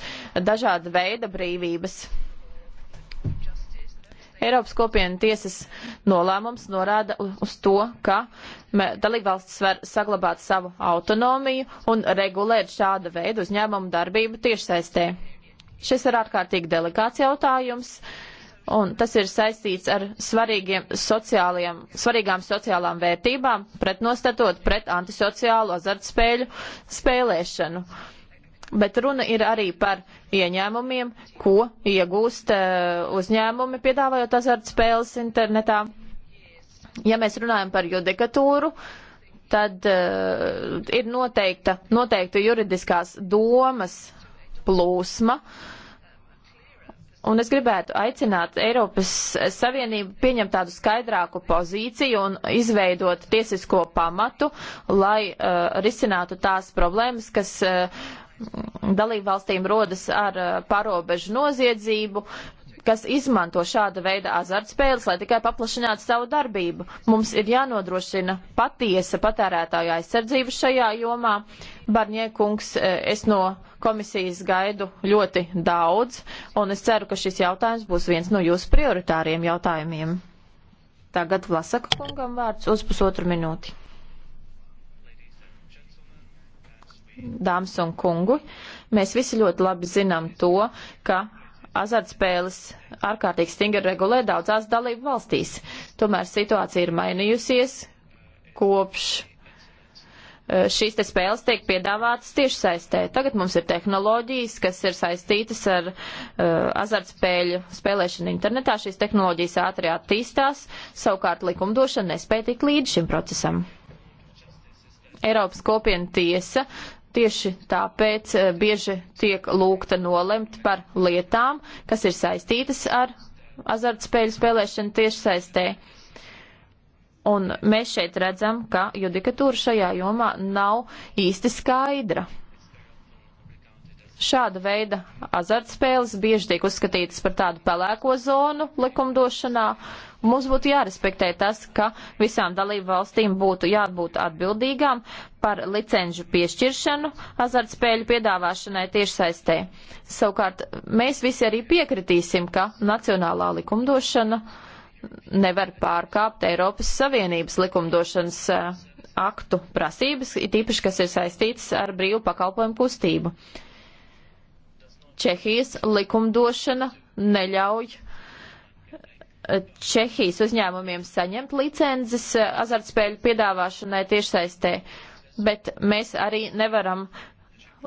dažāda veida brīvības. Eiropas kopienu tiesas nolēmums norāda uz to, ka dalībvalstis var saglabāt savu autonomiju un regulēt šāda veida uzņēmumu darbību tiešsaistē. Šis ir ārkārtīgi delikāts jautājums, un tas ir saistīts ar svarīgiem sociāliem, svarīgām sociālām vērtībām, pretnostatot pret antisociālu azartspēļu spēlēšanu. Bet runa ir arī par ieņēmumiem, ko iegūst eh, uzņēmumi, piedāvājot azartspēles internetā. Ja mēs runājam par judikatūru, tad uh, ir noteikta, noteikta juridiskās domas plūsma. Un es gribētu aicināt Eiropas Savienību pieņemt tādu skaidrāku pozīciju un izveidot tiesisko pamatu, lai uh, risinātu tās problēmas, kas uh, dalībvalstīm rodas ar uh, parobežu noziedzību, kas izmanto šāda veida azartspēles, lai tikai paplašinātu savu darbību. Mums ir jānodrošina patiesa patērētāja aizsardzība šajā jomā. Barņiekungs, e, es no komisijas gaidu ļoti daudz, un es ceru, ka šis jautājums būs viens no jūsu prioritāriem jautājumiem. Tagad Vlasaka kungam vārds uz pusotru minūti. Dāmas un kungu, mēs visi ļoti labi zinām to, ka azartspēles ārkārtīgi stingri regulē daudzās dalību valstīs. Tomēr situācija ir mainījusies kopš e, šīs te spēles tiek piedāvātas tieši saistē. Tagad mums ir tehnoloģijas, kas ir saistītas ar uh, azartspēļu spēlēšanu internetā. Šīs tehnoloģijas ātri attīstās, savukārt likumdošana nespēja tik līdz šim procesam. Eiropas kopiena tiesa tieši tāpēc eh, bieži tiek lūgta nolemt par lietām, kas ir saistītas ar azartspēļu spēlēšanu tiešsaistē. Un mēs šeit redzam, ka judikatūra šajā jomā nav īsti skaidra. Šāda veida azartspēles bieži tiek uzskatītas par tādu pelēko zonu likumdošanā, uh, Mums būtu jārespektē tas, ka visām dalību valstīm būtu jābūt atbildīgām par licenžu piešķiršanu azartspēļu piedāvāšanai tiešsaistē. Savukārt, mēs visi arī piekritīsim, ka nacionālā likumdošana nevar pārkāpt Eiropas Savienības likumdošanas eh, aktu prasības, it īpaši, kas ir saistītas ar brīvu pakalpojumu kustību. Čehijas likumdošana neļauj Čehijas uzņēmumiem saņemt licences azartspēļu piedāvāšanai tiešsaistē, bet mēs arī nevaram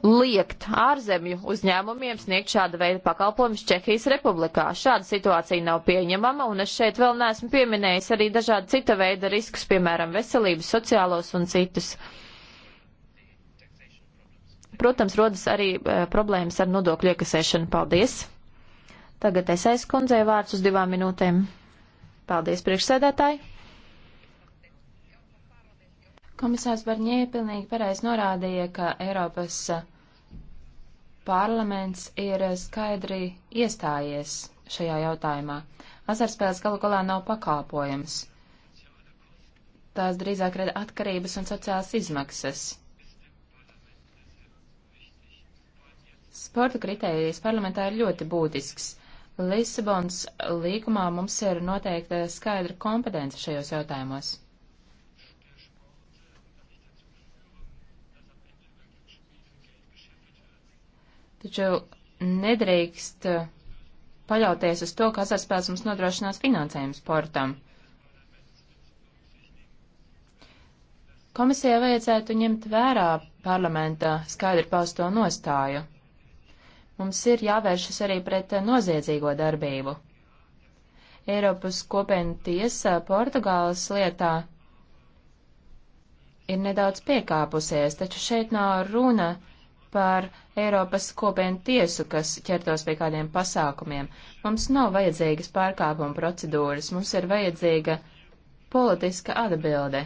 liekt ārzemju uzņēmumiem sniegt šāda veida pakalpojumus Čehijas republikā. Šāda situācija nav pieņemama, un es šeit vēl neesmu pieminējis arī dažādi cita veida riskus, piemēram, veselības, sociālos un citus. Protams, rodas arī eh, problēmas ar nodokļu iekasēšanu. Paldies! Tagad es aizkundzēju vārds uz divām minūtēm. Paldies, priekšsēdētāji! Komisārs Barņē pilnīgi pareizi norādīja, ka Eiropas parlaments ir skaidri iestājies šajā jautājumā. Azarspēles galu galā nav pakāpojums. Tās drīzāk rada atkarības un sociālas izmaksas. Sporta kritērijas parlamentā ir ļoti būtisks. Lisabons līgumā mums ir noteikta skaidra kompetence šajos jautājumos. Taču nedrīkst paļauties uz to, ka azartspēles mums nodrošinās finansējumu sportam. Komisijai vajadzētu ņemt vērā parlamenta skaidri pausto nostāju. Mums ir jāvēršas arī pret eh, noziedzīgo darbību. Eiropas kopienu tiesa Portugāles lietā ir nedaudz piekāpusies, taču šeit nav runa par Eiropas kopienu tiesu, kas ķertos pie kādiem pasākumiem. Mums nav vajadzīgas pārkāpuma procedūras, mums ir vajadzīga politiska atbilde.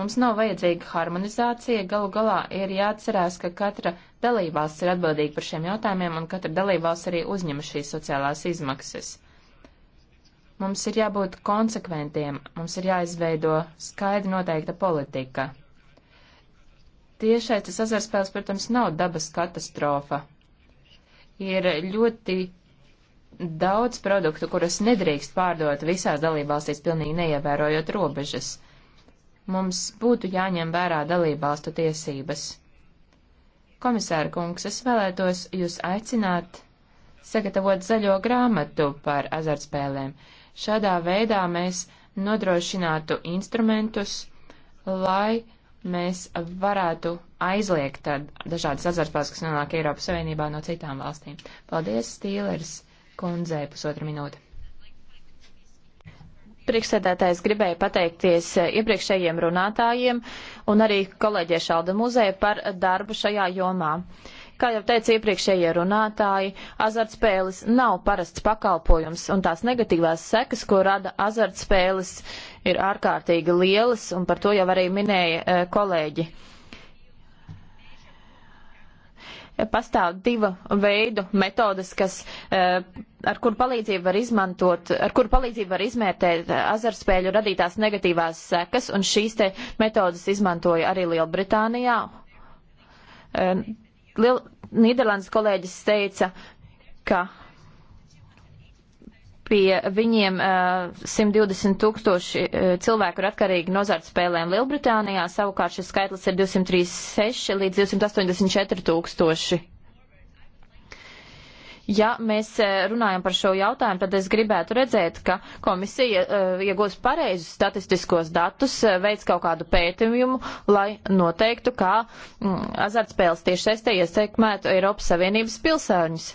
Mums nav vajadzīga harmonizācija, galu galā ir jāatcerās, ka katra dalībvalsts ir atbildīga par šiem jautājumiem, un katra dalībvalsts arī uzņem šīs sociālās izmaksas. Mums ir jābūt konsekventiem, mums ir jāizveido skaidri noteikta politika. Tiešais tas azarspēles, protams, nav dabas katastrofa. Ir ļoti daudz produktu, kurus nedrīkst pārdot visās dalībvalstīs, pilnīgi neievērojot robežas. Mums būtu jāņem vērā dalībvalstu tiesības. Komisāra kungs, es vēlētos jūs aicināt sagatavot zaļo grāmatu par azartspēlēm. Šādā veidā mēs nodrošinātu instrumentus, lai mēs varētu aizliegt dažādas azartspēles, kas nonāk Eiropas Savienībā no citām valstīm. Paldies, Stīlers! Kundzei pusotra minūte. Priekšsēdētājs gribēja pateikties eh, iepriekšējiem runātājiem un arī kolēģie Šalda muzeja par darbu šajā jomā. Kā jau teica iepriekšējie runātāji, azartspēles nav parasts pakalpojums, un tās negatīvās sekas, ko rada azartspēles, ir ārkārtīgi lielas, un par to jau arī minēja eh, kolēģi pastāv divu veidu metodas, kas, eh, ar kur palīdzību var izmantot, ar kur palīdzību var izmērtēt azartspēļu radītās negatīvās sekas, un šīs te metodas izmantoja arī Lielbritānijā. Eh, Liel... Nīderlandes kolēģis teica, ka pie viņiem 120 eh, tūkstoši eh, cilvēku ir atkarīgi no azartspēlēm Lielbritānijā, savukārt šis skaitlis ir 236 līdz 284 tūkstoši. Ja mēs eh, runājam par šo jautājumu, tad es gribētu redzēt, ka komisija eh, iegūs pareizus statistiskos datus, eh, veids kaut kādu pētījumu, lai noteiktu, kā mm, azartspēles tieši saistē iesekmētu Eiropas Savienības pilsēņus.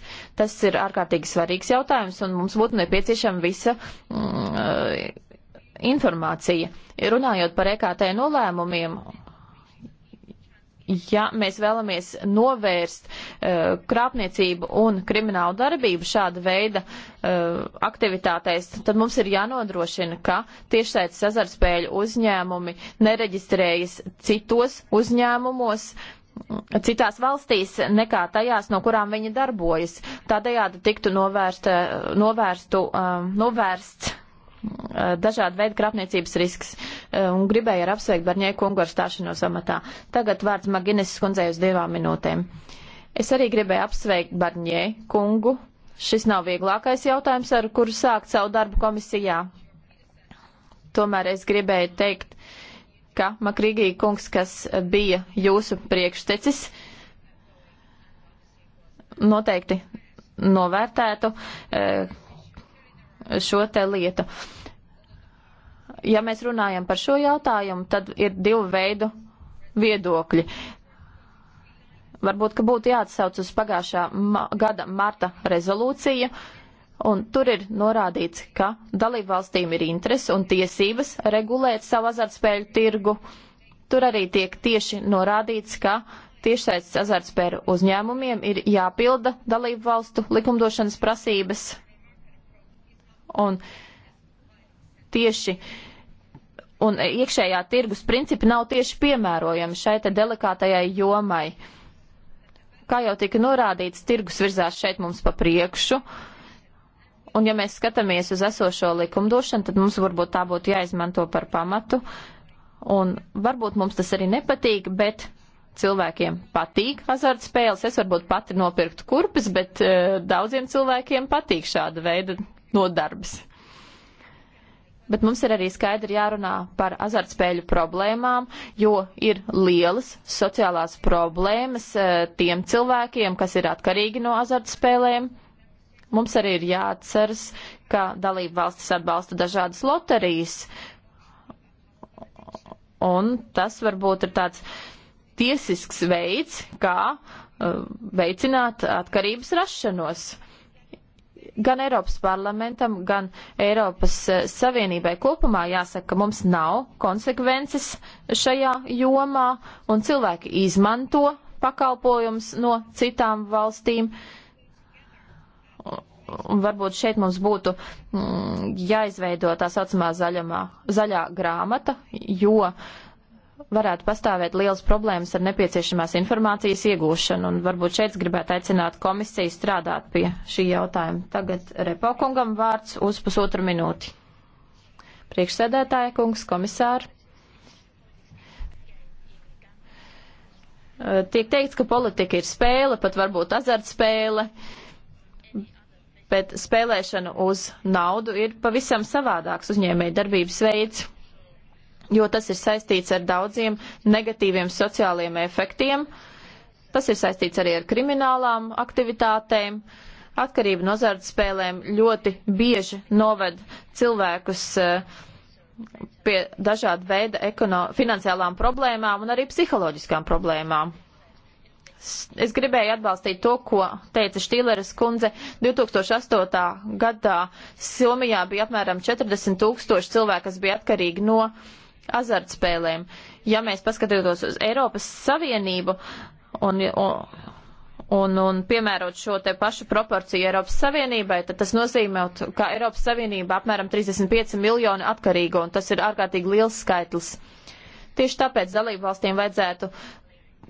Tas ir ārkārtīgi svarīgs jautājums, un mums būtu nepieciešama visa. Mm, informācija. Runājot par EKT nolēmumiem ja mēs vēlamies novērst uh, krāpniecību un kriminālu darbību šāda veida uh, aktivitātēs, tad mums ir jānodrošina, ka tiešsaistes azartspēļu uzņēmumi nereģistrējas citos uzņēmumos, mm, citās valstīs nekā tajās, no kurām viņi darbojas. Tādējādi tiktu novērsta, novērstu, uh, novērsts dažādi veidi krāpniecības risks eh, un gribēju ar apsveikt Barņēku kungu ar stāšanos amatā. Tagad vārds Maginis skundzēja uz divām minūtēm. Es arī gribēju apsveikt Barņē kungu. Šis nav vieglākais jautājums, ar kuru sākt savu darbu komisijā. Tomēr es gribēju teikt, ka Makrīgī kungs, kas bija jūsu priekštecis, noteikti novērtētu, eh, šo te lietu. Ja mēs runājam par šo jautājumu, tad ir divu veidu viedokļi. Varbūt, ka būtu jāatsauc uz pagājušā ma gada marta rezolūciju, un tur ir norādīts, ka dalībvalstīm ir interese un tiesības regulēt savu azartspēļu tirgu. Tur arī tiek tieši norādīts, ka tiešsaistes azartspēļu uzņēmumiem ir jāpilda dalību valstu likumdošanas prasības Un tieši un iekšējā tirgus principi nav tieši piemērojami šai te delikātajai jomai. Kā jau tika norādīts, tirgus virzās šeit mums pa priekšu. Un ja mēs skatāmies uz esošo likumdošanu, tad mums varbūt tā būtu jāizmanto par pamatu. Un varbūt mums tas arī nepatīk, bet cilvēkiem patīk azartspēles. Es varbūt pati nopirktu kurpes, bet uh, daudziem cilvēkiem patīk šāda veida nodarbs. Bet mums ir arī skaidri jārunā par azartspēļu problēmām, jo ir lielas sociālās problēmas eh, tiem cilvēkiem, kas ir atkarīgi no azartspēlēm. Mums arī ir jāatceras, ka dalība valstis atbalsta dažādas loterijas. Un tas varbūt ir tāds tiesisks veids, kā eh, veicināt atkarības rašanos gan Eiropas parlamentam, gan Eiropas eh, Savienībai kopumā jāsaka, ka mums nav konsekvences šajā jomā un cilvēki izmanto pakalpojums no citām valstīm. Un varbūt šeit mums būtu mm, jāizveido tā saucamā zaļamā, zaļā grāmata, jo uh, varētu pastāvēt liels problēmas ar nepieciešamās informācijas iegūšanu, un varbūt šeit gribētu aicināt komisiju strādāt pie šī jautājuma. Tagad repokungam vārds uz pusotru minūti. Priekšsēdētāja kungs, komisāri. Tiek teikts, ka politika ir spēle, pat varbūt azartspēle, bet spēlēšana uz naudu ir pavisam savādāks uzņēmēja darbības veids jo tas ir saistīts ar daudziem negatīviem sociāliem efektiem. Tas ir saistīts arī ar kriminālām aktivitātēm. Atkarība no azartspēlēm ļoti bieži noved cilvēkus eh, pie dažāda veida ekono, finansiālām problēmām un arī psiholoģiskām problēmām. Es gribēju atbalstīt to, ko teica Štīleres kundze. 2008. gadā Somijā bija apmēram 40 tūkstoši cilvēku, kas bija atkarīgi no uh, azartspēlēm. Ja mēs paskatītos uz Eiropas Savienību un, un, un, un piemērot šo te pašu proporciju Eiropas Savienībai, tad tas nozīmē, ka Eiropas Savienība apmēram 35 miljoni atkarīgo, un tas ir ārkārtīgi liels skaitlis. Tieši tāpēc dalību valstīm vajadzētu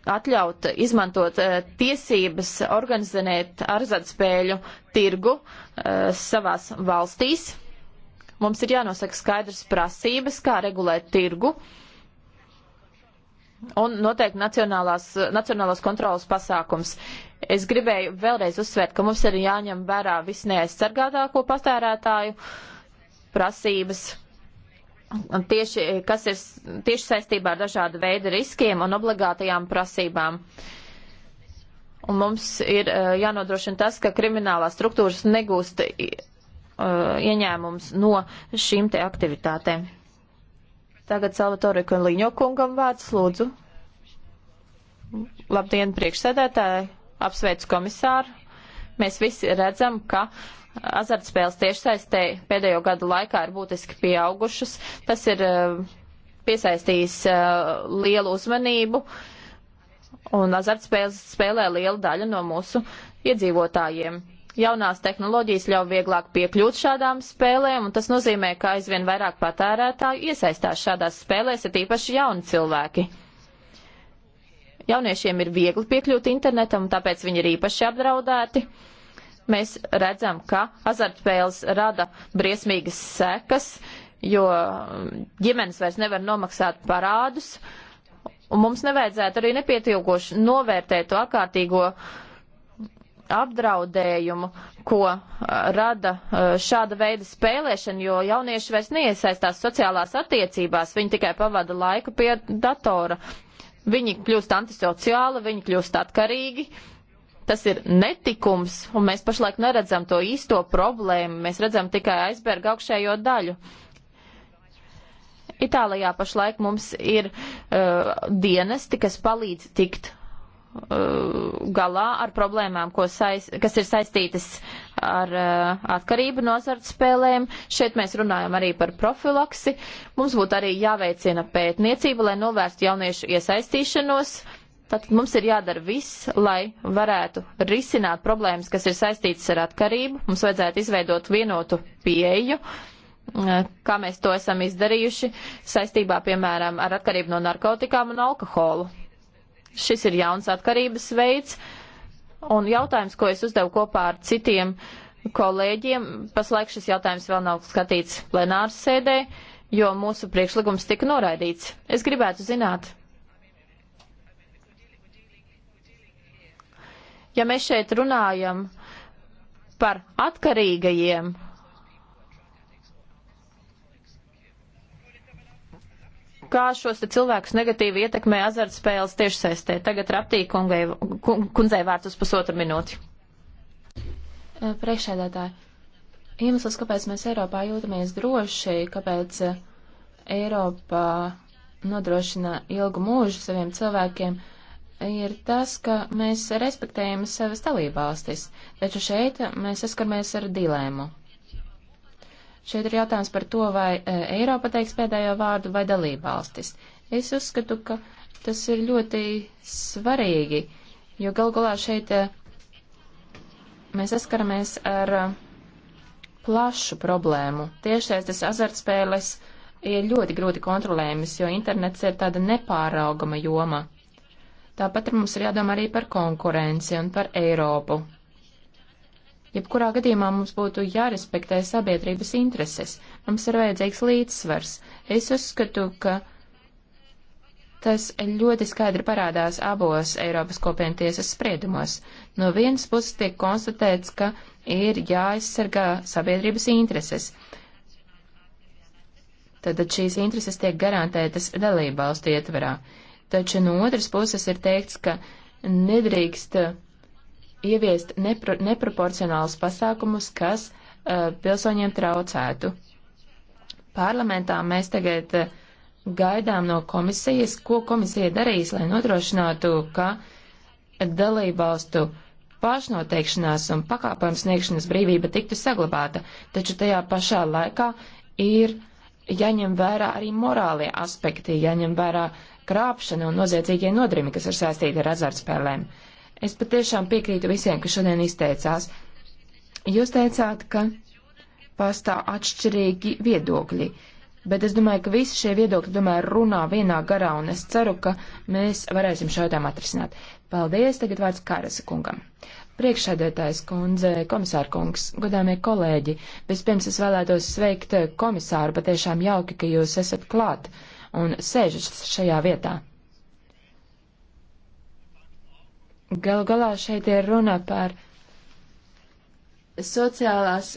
atļaut izmantot uh, tiesības organizēt arzatspēļu tirgu uh, savās valstīs, Mums ir jānosaka skaidrs prasības, kā regulēt tirgu un noteikti nacionālās, nacionālās kontrolas pasākums. Es gribēju vēlreiz uzsvērt, ka mums ir jāņem vērā visneaizsargātāko patērētāju prasības, tieši, kas ir tieši saistībā ar dažādu veidu riskiem un obligātajām prasībām. Un mums ir eh, jānodrošina tas, ka kriminālās struktūras negūst uh, ieņēmums no šīm te aktivitātēm. Tagad Salvatore Konliņo kungam vārds lūdzu. Labdien, priekšsēdētāji, apsveicu komisāru. Mēs visi redzam, ka azartspēles tiešsaistē pēdējo gadu laikā ir būtiski pieaugušas. Tas ir uh, piesaistījis uh, lielu uzmanību un azartspēles spēlē lielu daļu no mūsu iedzīvotājiem. Jaunās tehnoloģijas ļauj vieglāk piekļūt šādām spēlēm, un tas nozīmē, ka aizvien vairāk patērētāju iesaistās šādās spēlēs, ir īpaši jauni cilvēki. Jauniešiem ir viegli piekļūt internetam, un tāpēc viņi ir īpaši apdraudēti mēs redzam, ka azartspēles rada briesmīgas sekas, jo ģimenes vairs nevar nomaksāt parādus, un mums nevajadzētu arī nepietilgoši novērtēt to ārkārtīgo uh, apdraudējumu, ko uh, rada uh, šāda veida spēlēšana, jo jaunieši vairs neiesaistās sociālās attiecībās, viņi tikai pavada laiku pie datora. Viņi kļūst antisociāli, viņi kļūst atkarīgi. Tas ir netikums, un mēs pašlaik neredzam to īsto problēmu, mēs redzam tikai aizberga augšējo daļu. Itālijā pašlaik mums ir uh, dienesti, kas palīdz tikt Uh, galā ar problēmām, sais, kas ir saistītas ar uh, atkarību no azartspēlēm. Šeit mēs runājam arī par profilaksi. Mums būtu arī jāveicina pētniecība, lai novērstu jauniešu iesaistīšanos. Tātad mums ir jādara viss, lai varētu risināt problēmas, kas ir saistītas ar atkarību. Mums vajadzētu izveidot vienotu pieeju. Uh, kā mēs to esam izdarījuši saistībā, piemēram, ar atkarību no narkotikām un alkoholu. Šis ir jauns atkarības veids, un jautājums, ko es uzdevu kopā ar citiem kolēģiem, paslaik šis jautājums vēl nav skatīts plenāras sēdē, jo mūsu priekšlikums tika noraidīts. Es gribētu zināt, ja mēs šeit runājam par atkarīgajiem kā šos cilvēkus negatīvi ietekmē azartspēles tiešsaistē. Tagad raptī kungai, kundzei vārds uz pusotru minūti. Eh, Priekšēdētāji, iemesls, kāpēc mēs Eiropā jūtamies droši, kāpēc eh, Eiropā nodrošina ilgu mūžu saviem cilvēkiem, ir tas, ka mēs respektējam savas dalībvalstis, taču šeit eh, mēs saskaramies ar dilēmu. Šeit ir jautājums par to, vai e, Eiropa teiks pēdējo vārdu vai dalībvalstis. Es uzskatu, ka tas ir ļoti svarīgi, jo gal galā šeit e, mēs saskaramies ar e, plašu problēmu. Tiešais tas azartspēles ir ļoti grūti kontrolējamas, jo internets ir tāda nepāraugama joma. Tāpat mums ir jādomā arī par konkurenci un par Eiropu. Jebkurā gadījumā mums būtu jārespektē sabiedrības intereses. Mums ir vajadzīgs līdzsvars. Es uzskatu, ka tas ļoti skaidri parādās abos Eiropas kopienu tiesas spriedumos. No vienas puses tiek konstatēts, ka ir jāaizsargā sabiedrības intereses. Tad šīs intereses tiek garantētas dalībvalstu ietverā. Taču no otras puses ir teikts, ka nedrīkst ieviest nepro, neproporcionālus pasākumus, kas uh, pilsoņiem traucētu. Parlamentā mēs tagad uh, gaidām no komisijas, ko komisija darīs, lai nodrošinātu, ka dalībvalstu pašnoteikšanās un pakāpojumu sniegšanas brīvība tiktu saglabāta, taču tajā pašā laikā ir jāņem vērā arī morālie aspekti, jāņem vērā krāpšana un noziedzīgie nodrimi, kas ir saistīti ar azartspēlēm. Uh, Es patiešām piekrītu visiem, kas šodien izteicās. Jūs teicāt, ka pastāv atšķirīgi viedokļi, bet es domāju, ka visi šie viedokļi, domāju, runā vienā garā, un es ceru, ka mēs varēsim šo jautājumu atrisināt. Paldies, tagad vārds Karasa kungam. Priekšsēdētājs kundze, komisāra kungs, godāmie kolēģi, vispirms es vēlētos sveikt komisāru, patiešām jauki, ka jūs esat klāt un sēžat šajā vietā. Galu galā šeit ir runa par sociālās,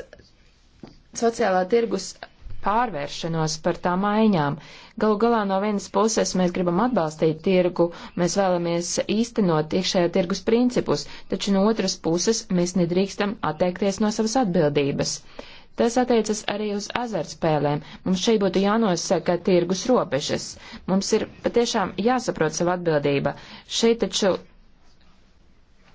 sociālā tirgus pārvēršanos par tā maiņām. Galu galā no vienas puses mēs gribam atbalstīt tirgu, mēs vēlamies īstenot iekšējā tirgus principus, taču no otras puses mēs nedrīkstam atteikties no savas atbildības. Tas attiecas arī uz azartspēlēm. Mums šeit būtu jānosaka tirgus robežas. Mums ir patiešām jāsaprot sava atbildība. Šeit taču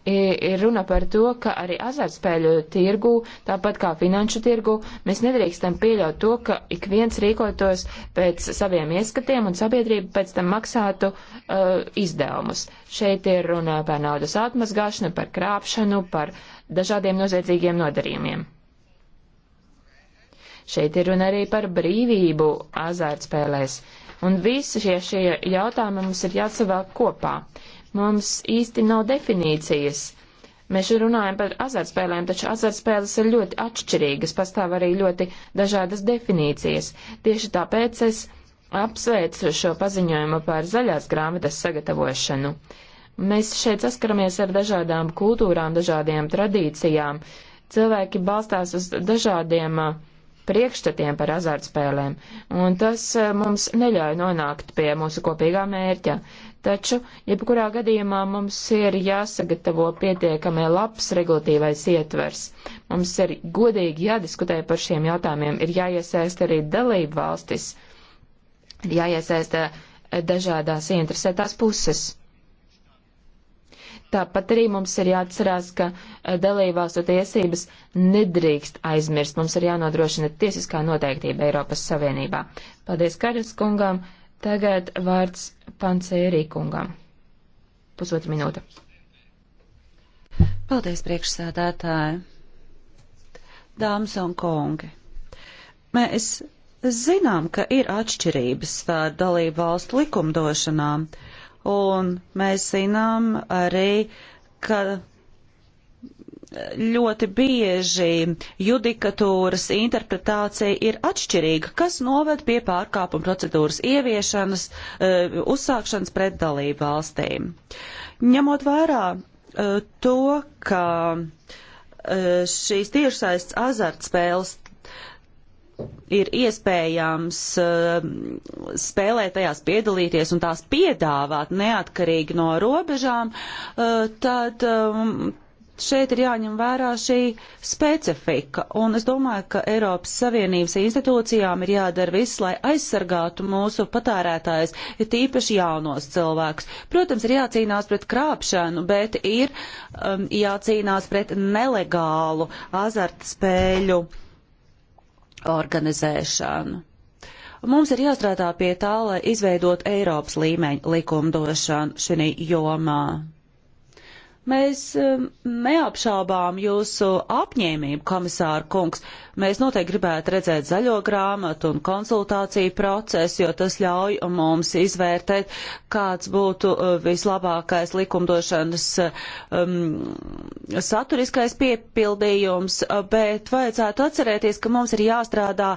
ir runa par to, ka arī azartspēļu tirgu, tāpat kā finanšu tirgu, mēs nedrīkstam pieļaut to, ka ik viens rīkotos pēc saviem ieskatiem un sabiedrība pēc tam maksātu uh, izdevumus. Šeit ir runa par naudas atmazgāšanu, par krāpšanu, par dažādiem noziedzīgiem nodarījumiem. Šeit ir runa arī par brīvību azartspēlēs. Un visi šie, šie jautājumi mums ir jāsavēl kopā. Uh, Mums īsti nav definīcijas. Mēs šeit runājam par azartspēlēm, taču azartspēles ir ļoti atšķirīgas, pastāv arī ļoti dažādas definīcijas. Tieši tāpēc es apsveicu šo paziņojumu par zaļās grāmatas sagatavošanu. Mēs šeit saskaramies ar dažādām kultūrām, dažādiem tradīcijām. Cilvēki balstās uz dažādiem uh, priekšstatiem par azartspēlēm, un tas e, mums neļauj nonākt pie mūsu kopīgā mērķa. Taču, jebkurā gadījumā mums ir jāsagatavo pietiekamie labs regulatīvais ietvers. Mums ir godīgi jādiskutē par šiem jautājumiem, ir jāiesaist arī dalību valstis, ir jāiesaista dažādās interesētās puses. Tāpat arī mums ir jāatcerās, ka eh, dalībvalstu tiesības nedrīkst aizmirst. Mums ir jānodrošina tiesiskā noteiktība Eiropas Savienībā. Paldies Karas kungam. Tagad vārds Pancērī kungam. Pusotra minūte. Paldies, priekšsēdētāji. Dāmas un kungi. Mēs zinām, ka ir atšķirības starp dalību valstu likumdošanām. Uh, Un mēs zinām arī, ka ļoti bieži judikatūras interpretācija ir atšķirīga, kas noved pie pārkāpuma procedūras ieviešanas, e, uzsākšanas pret dalību valstīm. Ņemot vērā e, to, ka e, šīs tiešsaistes azartspēles ir iespējams uh, spēlēt tajās piedalīties un tās piedāvāt neatkarīgi no robežām, uh, tad um, šeit ir jāņem vērā šī specifika. Un es domāju, ka Eiropas Savienības institūcijām ir jādara viss, lai aizsargātu mūsu patērētājs, ir tīpaši jaunos cilvēkus. Protams, ir jācīnās pret krāpšanu, bet ir um, jācīnās pret nelegālu azartspēļu organizēšanu. Mums ir jāstrādā pie tā, lai izveidot Eiropas līmeņa likumdošanu šī jomā. Mēs um, neapšaubām jūsu apņēmību, komisāra kungs. Mēs noteikti gribētu redzēt zaļo grāmatu un konsultāciju procesu, jo tas ļauj mums izvērtēt, kāds būtu uh, vislabākais likumdošanas um, saturiskais piepildījums, uh, bet vajadzētu atcerēties, ka mums ir jāstrādā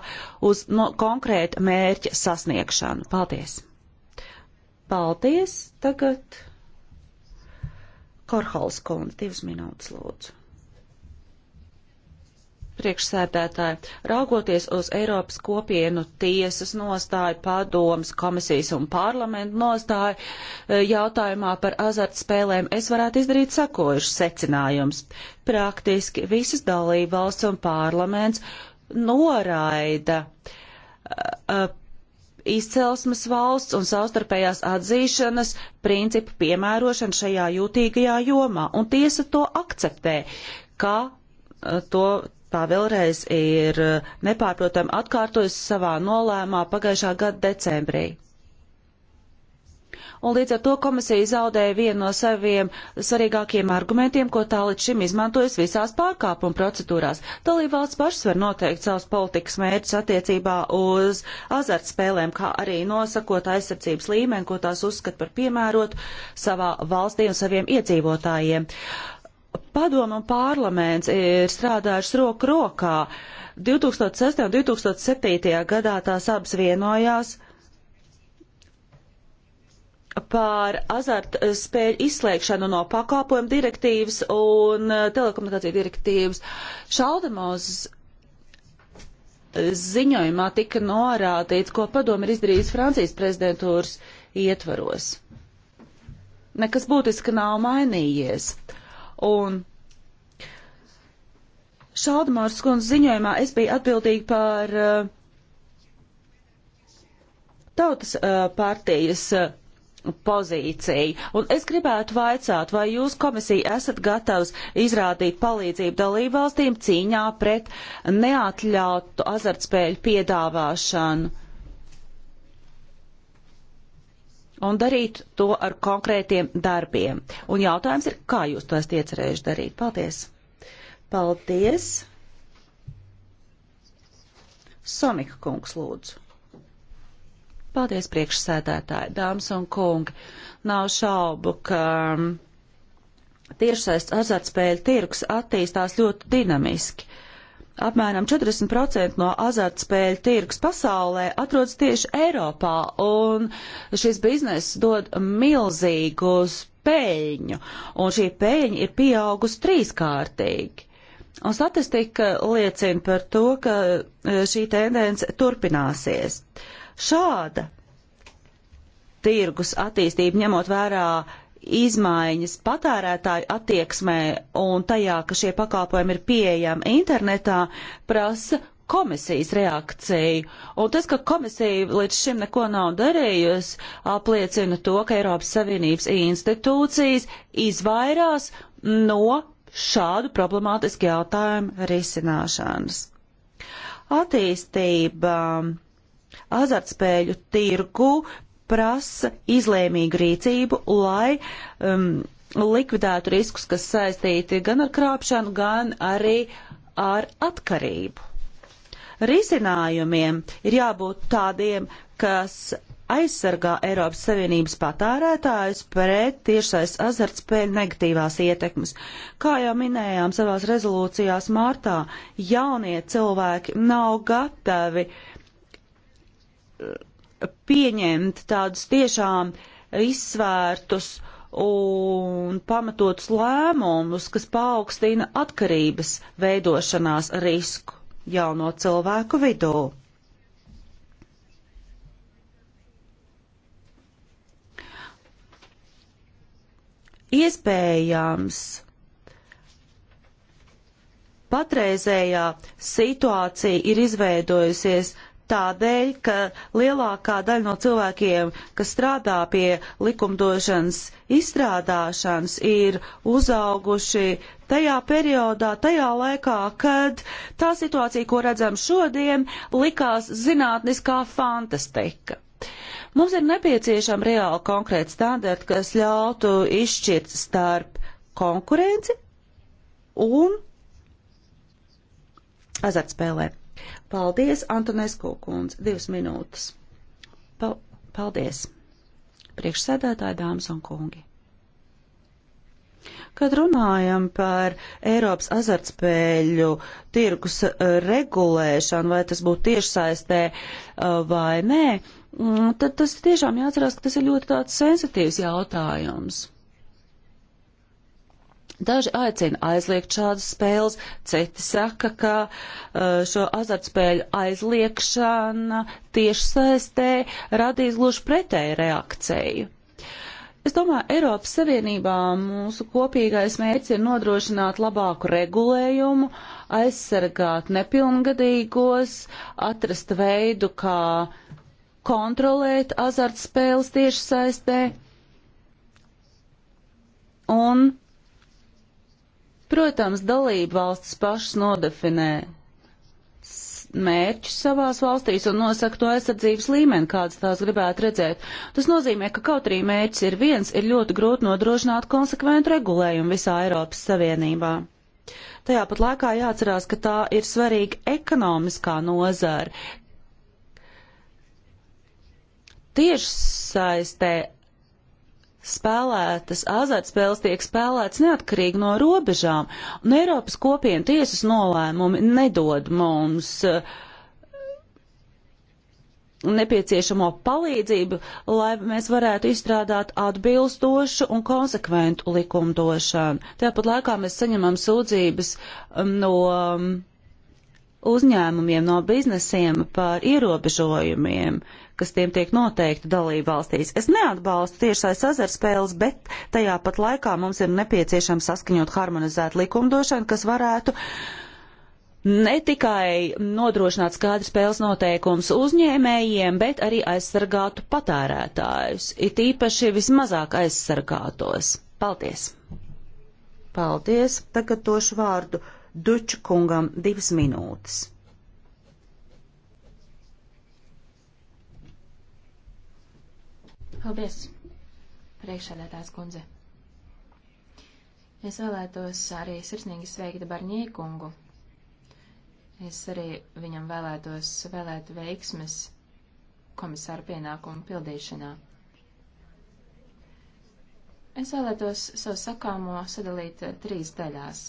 uz no, nu, konkrēta mērķa sasniegšanu. Paldies! Paldies! Tagad. Korhols kundze, divas minūtes lūdzu. Priekšsēdētāji, raugoties uz Eiropas kopienu tiesas nostāju, padomas, komisijas un parlamentu nostāju e, jautājumā par azartspēlēm, es varētu izdarīt sakojušas secinājums. Praktiski visas dalība valsts un parlaments noraida uh, izcelsmes valsts un savstarpējās atzīšanas principu piemērošana šajā jūtīgajā jomā. Un tiesa to akceptē, ka eh, to tā vēlreiz ir eh, nepārprotami atkārtojusi savā nolēmā pagājušā gada decembrī un līdz ar to komisija zaudēja vienu no saviem svarīgākiem argumentiem, ko tā līdz šim izmantojas visās pārkāpuma procedūrās. Dalībvalsts pašas var noteikt savus politikas mērķus attiecībā uz azartspēlēm, kā arī nosakot aizsardzības līmeni, ko tās uzskata par piemērotu savā valstī un saviem iedzīvotājiem. Padomu un parlaments ir strādājuši roku rokā. 2006. un 2007. gadā tās abas vienojās par azartspēļu eh, izslēgšanu no pakāpojuma direktīvas un eh, telekomunikāciju direktīvas. Šaldemos ziņojumā tika norādīts, ko padomu ir izdarījis Francijas prezidentūras ietvaros. Nekas būtiski nav mainījies. Un Šaldemārs kundz ziņojumā es biju atbildīgi par uh, tautas uh, partijas uh, pozīciju. Un es gribētu vaicāt, vai jūs komisija esat gatavs izrādīt palīdzību dalībvalstīm cīņā pret neatļautu azartspēļu piedāvāšanu un darīt to ar konkrētiem darbiem. Un jautājums ir, kā jūs to esat iecerējuši darīt? Paldies! Paldies! Sonika kungs lūdzu. Paldies, priekšsēdētāji, dāmas un kungi. Nav šaubu, ka mm, tiešsaistes azartspēļu tirgs attīstās ļoti dinamiski. Apmēram 40% no azartspēļu tirgus pasaulē atrodas tieši Eiropā, un šis bizness dod milzīgus peļņu, un šī peļņa ir pieaugusi trīskārtīgi. Un statistika liecina par to, ka e, šī tendence turpināsies. Uh, Šāda tirgus attīstība ņemot vērā izmaiņas patērētāju attieksmē un tajā, ka šie pakalpojumi ir pieejami internetā, prasa komisijas reakciju. Un tas, ka komisija līdz šim neko nav darījusi, apliecina to, ka Eiropas Savienības institūcijas izvairās no šādu problemātisku jautājumu risināšanas. Attīstība azartspēļu tirgu prasa izlēmīgu rīcību, lai um, likvidētu riskus, kas saistīti gan ar krāpšanu, gan arī ar atkarību. Risinājumiem ir jābūt tādiem, kas aizsargā Eiropas Savienības patārētājus pret tiešais azartspēļu negatīvās ietekmes. Kā jau minējām savās rezolūcijās martā, jaunie cilvēki nav gatavi uh, pieņemt tādus tiešām izsvērtus un pamatotus lēmumus, kas paaugstina atkarības veidošanās risku jauno cilvēku vidū. Iespējams, patreizējā situācija ir izveidojusies uh, tādēļ, ka lielākā daļa no cilvēkiem, kas strādā pie likumdošanas izstrādāšanas, ir uzauguši tajā periodā, tajā laikā, kad tā situācija, ko redzam šodien, likās zinātniskā fantastika. Mums ir nepieciešama reāla konkrēta standarta, kas ļautu izšķirt starp konkurenci un azartspēlēm. Paldies, Antonesko kundze, divas minūtes. Paldies, priekšsēdētāji, dāmas un kungi. Kad runājam par Eiropas azartspēļu tirgus eh, regulēšanu, vai tas būtu tiešsaistē eh, vai nē, mm, tad tas tiešām jāatcerās, ka tas ir ļoti tāds sensitīvs jautājums. Daži aicina aizliegt šādas spēles, citi saka, ka uh, šo azartspēļu aizliekšana tieši saistē radīs gluži pretēju reakciju. Es domāju, Eiropas Savienībā mūsu kopīgais mērķis ir nodrošināt labāku regulējumu, aizsargāt nepilngadīgos, atrast veidu, kā kontrolēt azartspēles tieši saistē un Protams, dalība valsts pašas nodefinē mērķus savās valstīs un nosaka to aizsardzības līmeni, kādas tās gribētu redzēt. Tas nozīmē, ka kaut arī mērķis ir viens, ir ļoti grūti nodrošināt konsekventu regulējumu visā Eiropas Savienībā. Tajā pat laikā jāatcerās, ka tā ir svarīga ekonomiskā nozara. Tieši saistē spēlētas azartspēles tiek spēlētas neatkarīgi no robežām, un Eiropas kopienu tiesas nolēmumi nedod mums uh, nepieciešamo palīdzību, lai mēs varētu izstrādāt atbilstošu un konsekventu likumdošanu. Tāpat laikā mēs saņemam sūdzības um, no um, uzņēmumiem, no biznesiem par ierobežojumiem, kas tiem tiek noteikti dalību valstīs. Es neatbalstu tiešai sazarspēles, bet tajā pat laikā mums ir nepieciešams saskaņot harmonizētu likumdošanu, kas varētu ne tikai nodrošināt skaidru spēles noteikumus uzņēmējiem, bet arī aizsargātu patērētājus, it īpaši vismazāk aizsargātos. Paldies! Paldies! Tagad došu vārdu Dučkungam divas minūtes. Paldies, priekšsēdētājs kundze. Es vēlētos arī sirsnīgi sveikt Barņiekungu. Es arī viņam vēlētos vēlēt veiksmes komisāra pienākumu pildīšanā. Es vēlētos savu sakāmo sadalīt trīs daļās.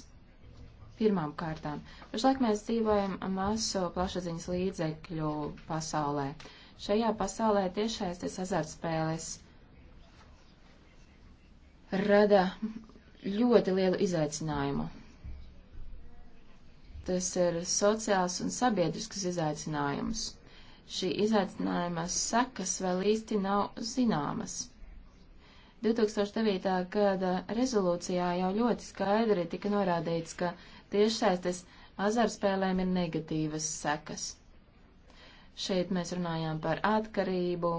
Pirmām kārtām, pašlaik mēs dzīvojam masu plašsaziņas līdzekļu pasaulē. Uh, Šajā pasaulē tiešais azartspēles rada ļoti lielu izaicinājumu. Tas ir sociāls un sabiedrisks izaicinājums. Šī izaicinājuma sekas vēl īsti nav zināmas. 2009. gada rezolūcijā jau ļoti skaidri tika norādīts, ka tiešsaistes azarspēlēm ir negatīvas sekas. Šeit mēs runājām par atkarību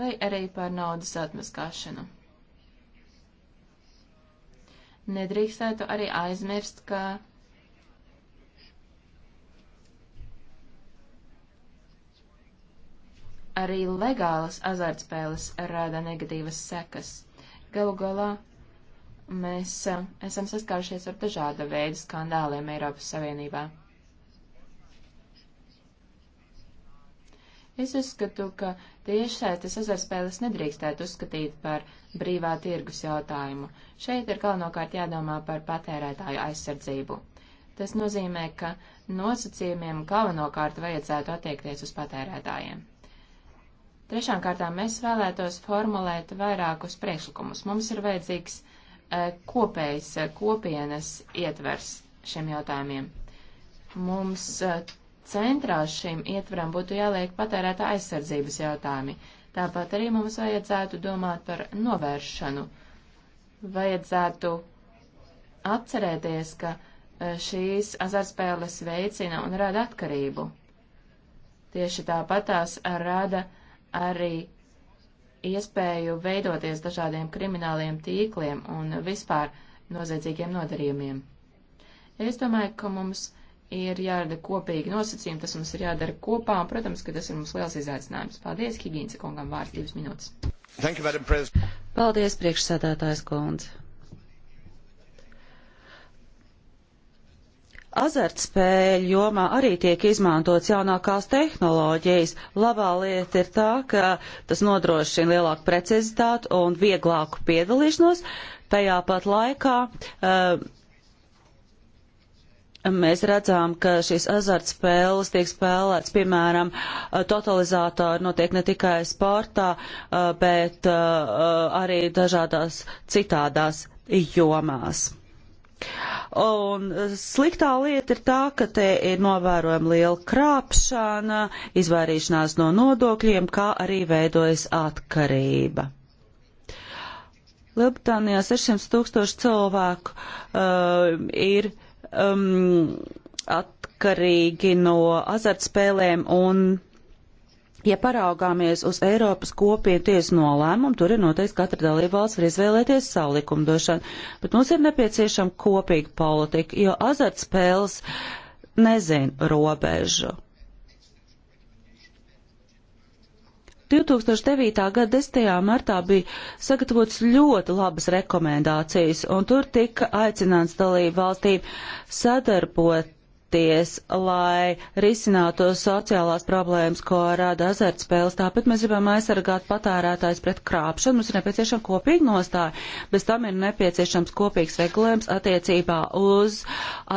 vai arī par naudas atmaskāšanu. Nedrīkstētu arī aizmirst, ka arī legālas azartspēles rada negatīvas sekas. Galu galā mēs a, eh, esam saskārušies ar dažāda veida skandāliem Eiropas Savienībā. Es uzskatu, ka tiešsaites azartspēles nedrīkstētu uzskatīt par brīvā tirgus jautājumu. Šeit ir galvenokārt jādomā par patērētāju aizsardzību. Tas nozīmē, ka nosacījumiem galvenokārt vajadzētu attiekties uz patērētājiem. Trešām kārtām mēs vēlētos formulēt vairākus priekšlikumus. Mums ir vajadzīgs e, kopējs e, kopienas ietvers šiem jautājumiem. Mums e, centrā šim ietvaram būtu jāliek patērētā aizsardzības jautājumi. Tāpat arī mums vajadzētu domāt par novēršanu. Vajadzētu atcerēties, ka e, šīs azartspēles veicina un rada atkarību. Tieši tāpat tās rada arī iespēju veidoties dažādiem krimināliem tīkliem un vispār noziedzīgiem nodarījumiem. Es domāju, ka mums ir jārada kopīgi nosacījumi, tas mums ir jādara kopā, un, protams, ka tas ir mums liels izaicinājums. Paldies, Higīnce kungam, vārds divas minūtes. You, Paldies, priekšsēdētājs kundze. Azartspēļu jomā arī tiek izmantots jaunākās tehnoloģijas. Labā lieta ir tā, ka tas nodrošina lielāku precizitātu un vieglāku piedalīšanos. Tajā pat laikā uh, Mēs redzām, ka šīs azartspēles tiek spēlēts, piemēram, totalizātori notiek ne tikai sportā, bet arī dažādās citādās jomās. Un sliktā lieta ir tā, ka te ir novērojama liela krāpšana, izvairīšanās no nodokļiem, kā arī veidojas atkarība. Lielbritānijā 600 tūkstoši cilvēku uh, ir um, atkarīgi no azartspēlēm un Ja paraugāmies uz Eiropas kopienu tiesu nolēmumu, tur ir noteikti katra dalībvalsts var izvēlēties savu likumdošanu, bet mums ir nepieciešama kopīga politika, jo azartspēles nezin robežu. 2009. gada 10. martā bija sagatavots ļoti labas rekomendācijas, un tur tika aicināts dalību valstīm sadarboties, lai risinātu sociālās problēmas, ko rada azartspēles. Tāpēc mēs gribam aizsargāt patērētājs pret krāpšanu. Mums ir nepieciešama kopīga nostāja, bez tam ir nepieciešams kopīgs regulējums attiecībā uz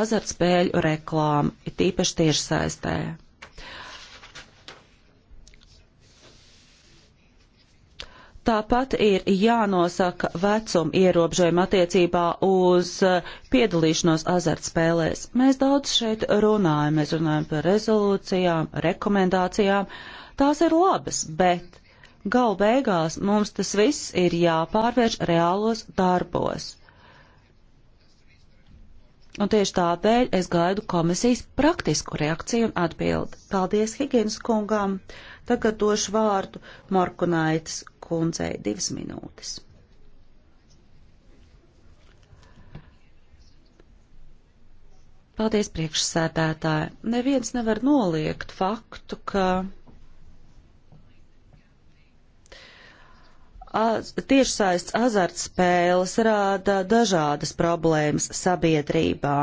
azartspēļu reklāmu, tīpaši tiešsaistē. Tāpat ir jānosaka vecuma ierobežojuma attiecībā uz eh, piedalīšanos azartspēlēs. Mēs daudz šeit runājam, mēs runājam par rezolūcijām, rekomendācijām. Tās ir labas, bet galu beigās mums tas viss ir jāpārvērš reālos darbos. Un tieši tādēļ es gaidu komisijas praktisku reakciju un atbildi. Paldies Higienas kungām. Tagad došu vārdu Markunaitis kundzei divas minūtes. Paldies, priekšsēdētāji. Neviens nevar noliegt faktu, ka tiešsaists azartspēles rāda dažādas problēmas sabiedrībā.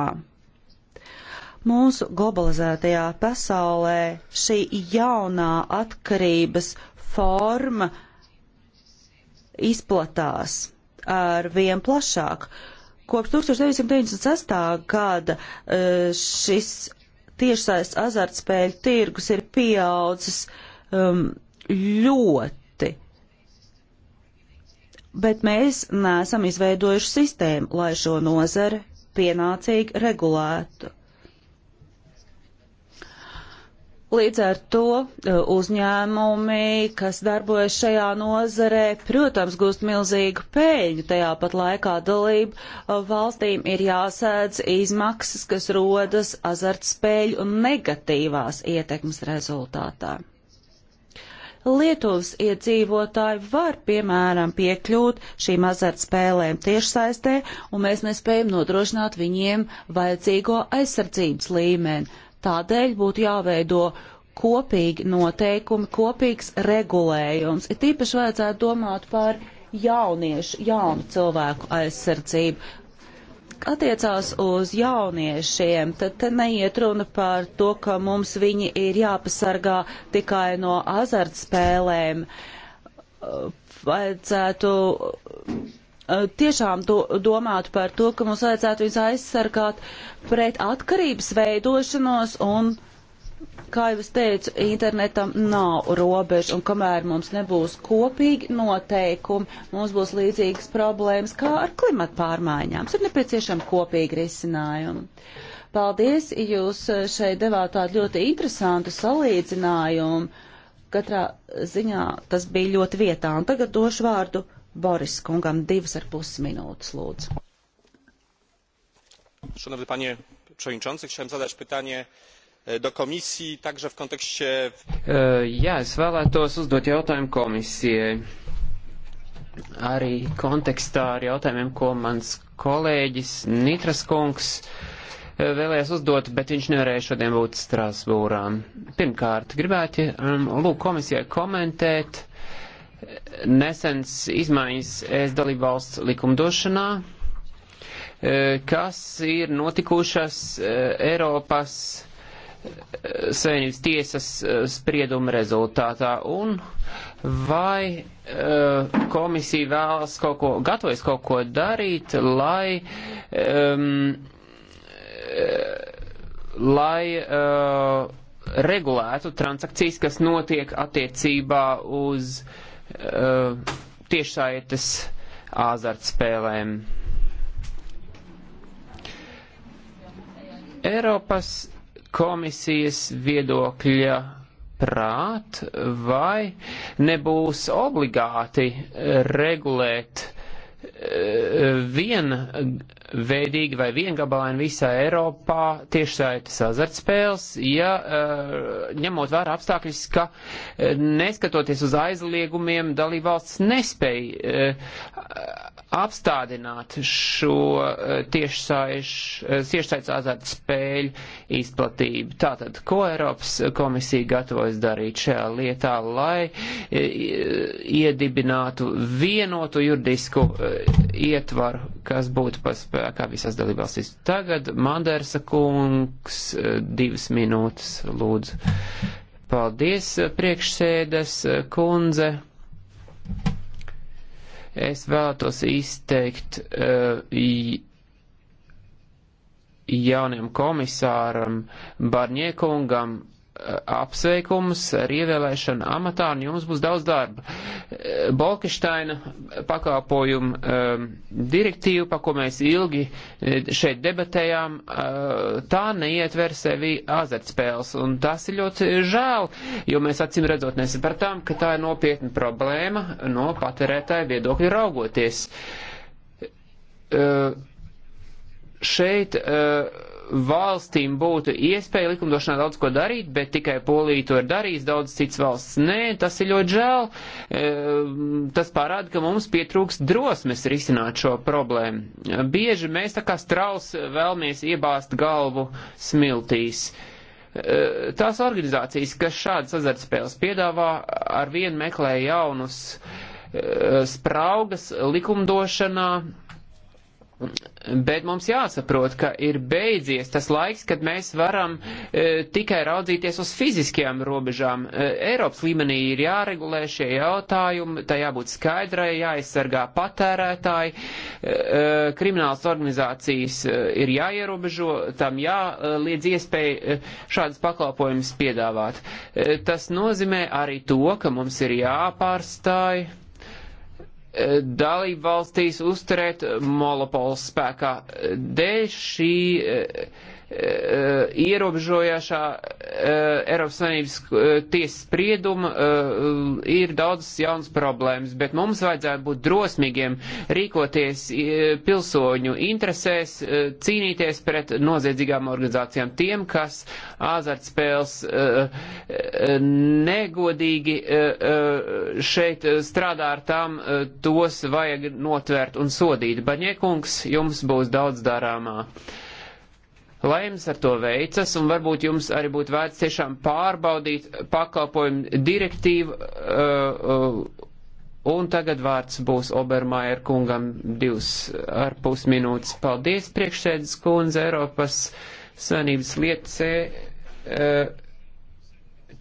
Mūsu globalizētajā pasaulē šī jaunā atkarības forma uh, izplatās ar vien plašāk. Kopš 1996. gada e, šis tiešsais azartspēļu tirgus ir pieaudzis um, ļoti, bet mēs neesam izveidojuši sistēmu, lai šo nozare pienācīgi regulētu. Līdz ar to e, uzņēmumi, kas darbojas šajā nozarē, protams, gūst milzīgu pēļņu. Tajā pat laikā dalību e, valstīm ir jāsēdz izmaksas, kas rodas azartspēļu un negatīvās ietekmes rezultātā. Lietuvas iedzīvotāji var, piemēram, piekļūt šīm azartspēlēm tiešsaistē, un mēs nespējam nodrošināt viņiem vajadzīgo aizsardzības līmeni Tādēļ būtu jāveido kopīgi noteikumi, kopīgs regulējums. Ir tīpaši vajadzētu domāt par jauniešu, jaunu cilvēku aizsardzību. Attiecās uz jauniešiem, tad te neiet runa par to, ka mums viņi ir jāpasargā tikai no azartspēlēm. Vajadzētu tiešām to, domātu par to, ka mums vajadzētu viņus aizsargāt pret atkarības veidošanos un, kā jau es teicu, internetam nav robežu un kamēr mums nebūs kopīgi noteikumi, mums būs līdzīgas problēmas kā ar klimatu pārmaiņām. Mums ir nepieciešama kopīga risinājuma. Paldies, jūs šeit devāt tādu ļoti interesantu salīdzinājumu. Katrā ziņā tas bija ļoti vietā. Un tagad došu vārdu Boris kungam divas ar pus minūtes lūdzu. Szanowny panie przewodniczący, chciałem zadać pytanie e, do komisji także w kontekście. Jā, es vēlētos uzdot jautājumu komisijai. Arī kontekstā ar jautājumiem, ko mans kolēģis Nitras kungs e, vēlējās uzdot, bet viņš nevarēja šodien būt Strasbūrā. Pirmkārt, gribētu um, lūk komisijai komentēt nesens izmaiņas es dalībvalsts likumdošanā, e, kas ir notikušas e, Eiropas e, Savienības tiesas sprieduma rezultātā un vai komisija vēlas kaut ko, gatavojas kaut ko darīt, lai, um, lai uh, regulētu transakcijas, kas notiek attiecībā uz uh, Uh, tiešsaites azartspēlēm. Eiropas komisijas viedokļa prāt, vai nebūs obligāti regulēt vienveidīgi vai viengabaini visā Eiropā tiešsaites azartspēles, ja eh, ņemot vērā apstākļus, ka eh, neskatoties uz aizliegumiem, dalībvalsts nespēja eh, apstādināt šo eh, eh, tiešsaistes azartspēļu izplatību. Tātad, ko Eiropas komisija gatavojas darīt šajā lietā, lai eh, iedibinātu vienotu juridisku ietvaru, kas būtu paspēkā visās dalībvalstīs. Tagad Mandersa kungs divas minūtes lūdzu. Paldies, priekšsēdes kundze. Thank you. Es vēlētos izteikt uh, jauniem komisāram Barņiekungam apsveikums ar ievēlēšanu amatā, un jums būs daudz darba. Bolkeštaina pakāpojumu um, direktīvu, pa ko mēs ilgi eh, šeit debatējām, uh, tā neietver sevi azartspēles, un tas ir ļoti žēl, jo mēs acīm redzot nesapratām, ka tā ir nopietna problēma no patērētāja viedokļa raugoties. Uh, šeit uh, valstīm būtu iespēja likumdošanā daudz ko darīt, bet tikai Polija to ir darījis, daudz cits valsts nē, tas ir ļoti žēl. E, tas parāda, ka mums pietrūks drosmes risināt šo problēmu. Bieži mēs tā kā straus vēlamies iebāzt galvu smiltīs. E, tās organizācijas, kas šādas azartspēles piedāvā, ar vienu meklē jaunus e, spraugas likumdošanā, Bet mums jāsaprot, ka ir beidzies tas laiks, kad mēs varam e, tikai raudzīties uz fiziskajām robežām. E, Eiropas līmenī ir jāregulē šie jautājumi, tā jābūt skaidrai, jāaizsargā patērētāji, e, e kriminālas organizācijas e, ir jāierobežo, tam jāliedz iespēja e, šādas pakalpojumus piedāvāt. E, tas nozīmē arī to, ka mums ir jāpārstāj E, dalību valstīs uzturēt monopols spēkā. Dēļ šī e, Eh, ierobežojošā eh, Eiropas Savienības eh, tiesas sprieduma ir daudzas jaunas problēmas, bet mums vajadzētu būt drosmīgiem, rīkoties pilsoņu interesēs, cīnīties pret noziedzīgām organizācijām, tiem, kas azartspēles negodīgi šeit strādā ar tām, tos vajag notvērt un sodīt. Baņiekungs, jums būs daudz darāmā. Lai jums ar to veicas, un varbūt jums arī būtu vērts tiešām pārbaudīt pakalpojumu direktīvu. Uh, uh, un tagad vārds būs Obermaier kungam divas ar pus minūtes. Paldies, priekšsēdus kundze, Eiropas Sanības lietcē. Uh,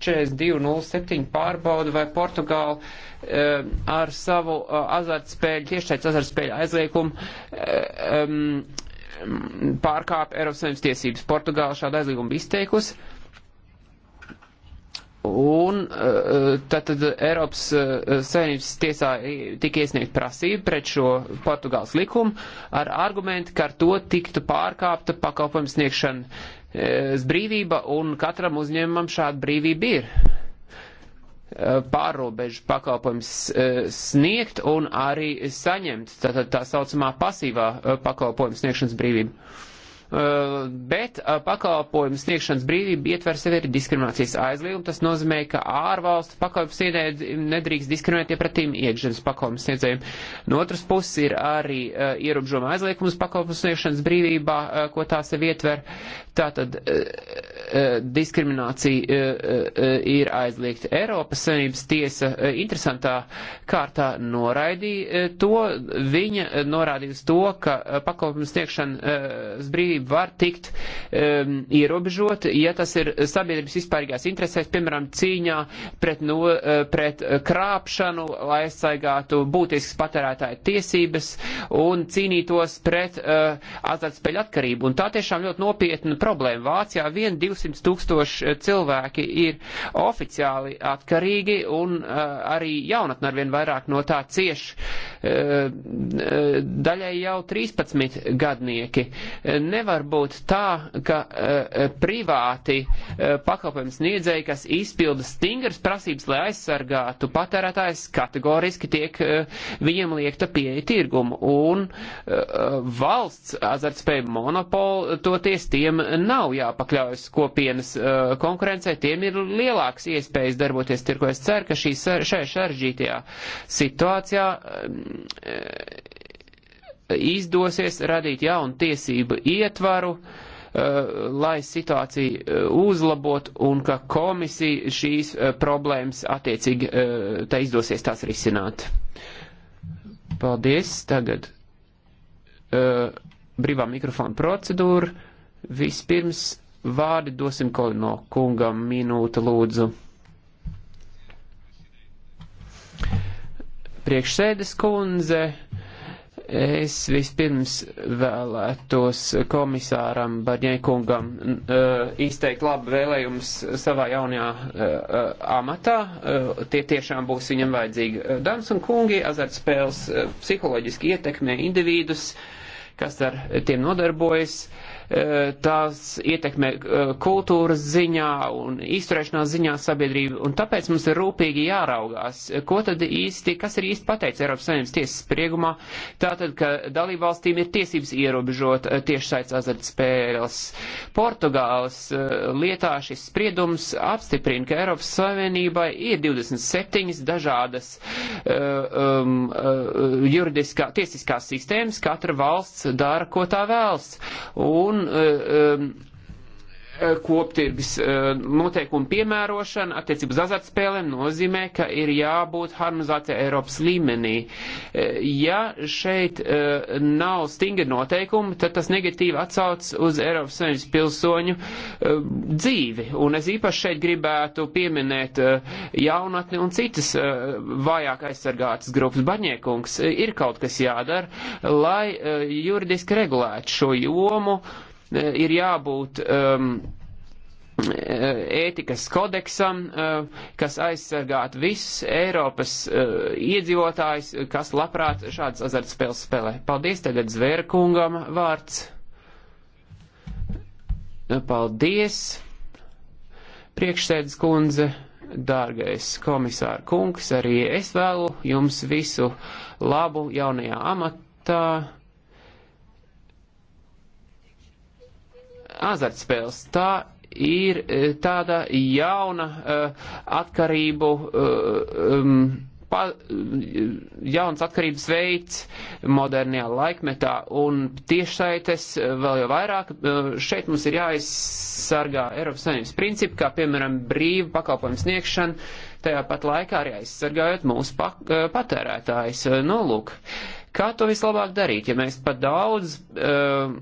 42.07 pārbauda, vai Portugāla uh, ar savu uh, azartspēļu, tiešais azartspēļu aizliegumu uh, um, pārkāpa Eiropas Savienības tiesības. Portugāla šādu aizliegumu bija izteikusi. Un tātad eh, Eiropas eh, Savienības tiesā tika iesniegt prasība pret šo Portugāles likumu ar argumentu, ka ar to tiktu pārkāpta pakalpojumu sniegšana eh, brīvība un katram uzņēmumam šāda brīvība ir. Eh, pārrobežu pakalpojums eh, sniegt un arī saņemt, tātad tā saucamā pasīvā eh, pakalpojuma sniegšanas brīvība. Bet pakalpojumu sniegšanas brīvība ietver sevi arī diskriminācijas aizliegumu. Tas nozīmē, ka ārvalstu pakalpojumu sniedzējiem nedrīkst diskriminēt iepratīm iekšzemes pakalpojumu sniedzējiem. No otras puses ir arī ierobežojuma aizliegums pakalpojumu sniegšanas brīvībā, ko tā sevi ietver. Tātad Eh, diskriminācija eh, eh, ir aizliegta. Eiropas Savienības tiesa interesantā kārtā noraidīja to. Viņa norādīja uz to, ka pakalpojumu sniegšanas brīvība var tikt ehm, ierobežot, ja tas ir sabiedrības vispārīgās interesēs, piemēram, cīņā pret, no, pret krāpšanu, lai aizsaigātu būtisks patērētāju tiesības un cīnītos pret azartspēļu atkarību. Un tā tiešām ļoti nopietna problēma. Vācijā vien divas 200 tūkstoši eh, cilvēki ir oficiāli atkarīgi un eh, arī jaunatni arvien vairāk no tā cieši. Eh, daļai jau 13 gadnieki. Nevar būt tā, ka privāti pakalpojums sniedzēji, kas izpilda stingras prasības, lai aizsargātu patērētājs, kategoriski tiek viņiem liekta pieeja tirgumu. Un valsts azartspēju monopolu toties tiem nav jāpakļaujas, ko kopienas uh, eh, konkurencei, tiem ir lielāks iespējas darboties tirko. Es ceru, ka šī, šajā šaržģītajā situācijā uh, izdosies radīt jaunu tiesību ietvaru, uh, lai situāciju uzlabot un ka komisija šīs problēmas attiecīgi tā izdosies tās risināt. Paldies. Tagad brīvā mikrofona procedūra. Vispirms vārdi dosim Kolino kungam minūte lūdzu. Priekšsēdes kundze, es vispirms vēlētos komisāram Barņē kungam e, izteikt labu vēlējumus savā jaunajā e, e, amatā. Tie tiešām būs viņam vajadzīgi. Dāmas un kungi, azartspēles psiholoģiski ietekmē individus, kas ar tiem nodarbojas. Uh, Eh, tās ietekmē eh, kultūras ziņā un izturēšanās ziņā sabiedrību, un tāpēc mums ir rūpīgi jāraugās, ko tad īsti, kas ir īsti pateicis Eiropas Savienības tiesas spriegumā, tātad, ka dalībvalstīm ir tiesības ierobežot eh, tiešsaits azartspēles. Portugāles lietā šis spriedums apstiprina, ka Eiropas Savienībai ir 27 dažādas uh, um, uh, juridiskā, tiesiskās sistēmas, katra valsts dara, ko tā vēlas. Un un e, e, e, koptirgis noteikumu piemērošana attiecībā uz azartspēlēm nozīmē, ka ir jābūt harmonizācijai Eiropas līmenī. Ja šeit nav stingri noteikumi, tad tas negatīvi atsauc uz Eiropas Savienības pilsoņu dzīvi. Un es īpaši šeit gribētu pieminēt jaunatni un citas vājāk aizsargātas grupas. Baņiekungs ir kaut kas jādara, lai juridiski regulētu šo jomu. Eh, ir jābūt um, ētikas kodeksam, eh, kas aizsargātu visus Eiropas iedzīvotājus, kas labprāt šādas azartspēles spēlē. Paldies, tagad Zvēra kungam vārds. Paldies, priekšsēdz kundze, dārgais komisāra kungs, arī es vēlu jums visu labu jaunajā amatā azartspēles. Tā ir e, tāda jauna uh, atkarību, uh, um, pa, jauns atkarības veids modernajā laikmetā, un tiešsaites vēl jau vairāk. Uh, šeit mums ir jāaizsargā Eiropas Savienības principi, kā piemēram brīva pakalpojums sniegšana, tajā pat laikā arī aizsargājot mūsu pak, patērētājs. Nu, lūk. Uh, Kā to vislabāk darīt? Ja mēs pat daudz uh,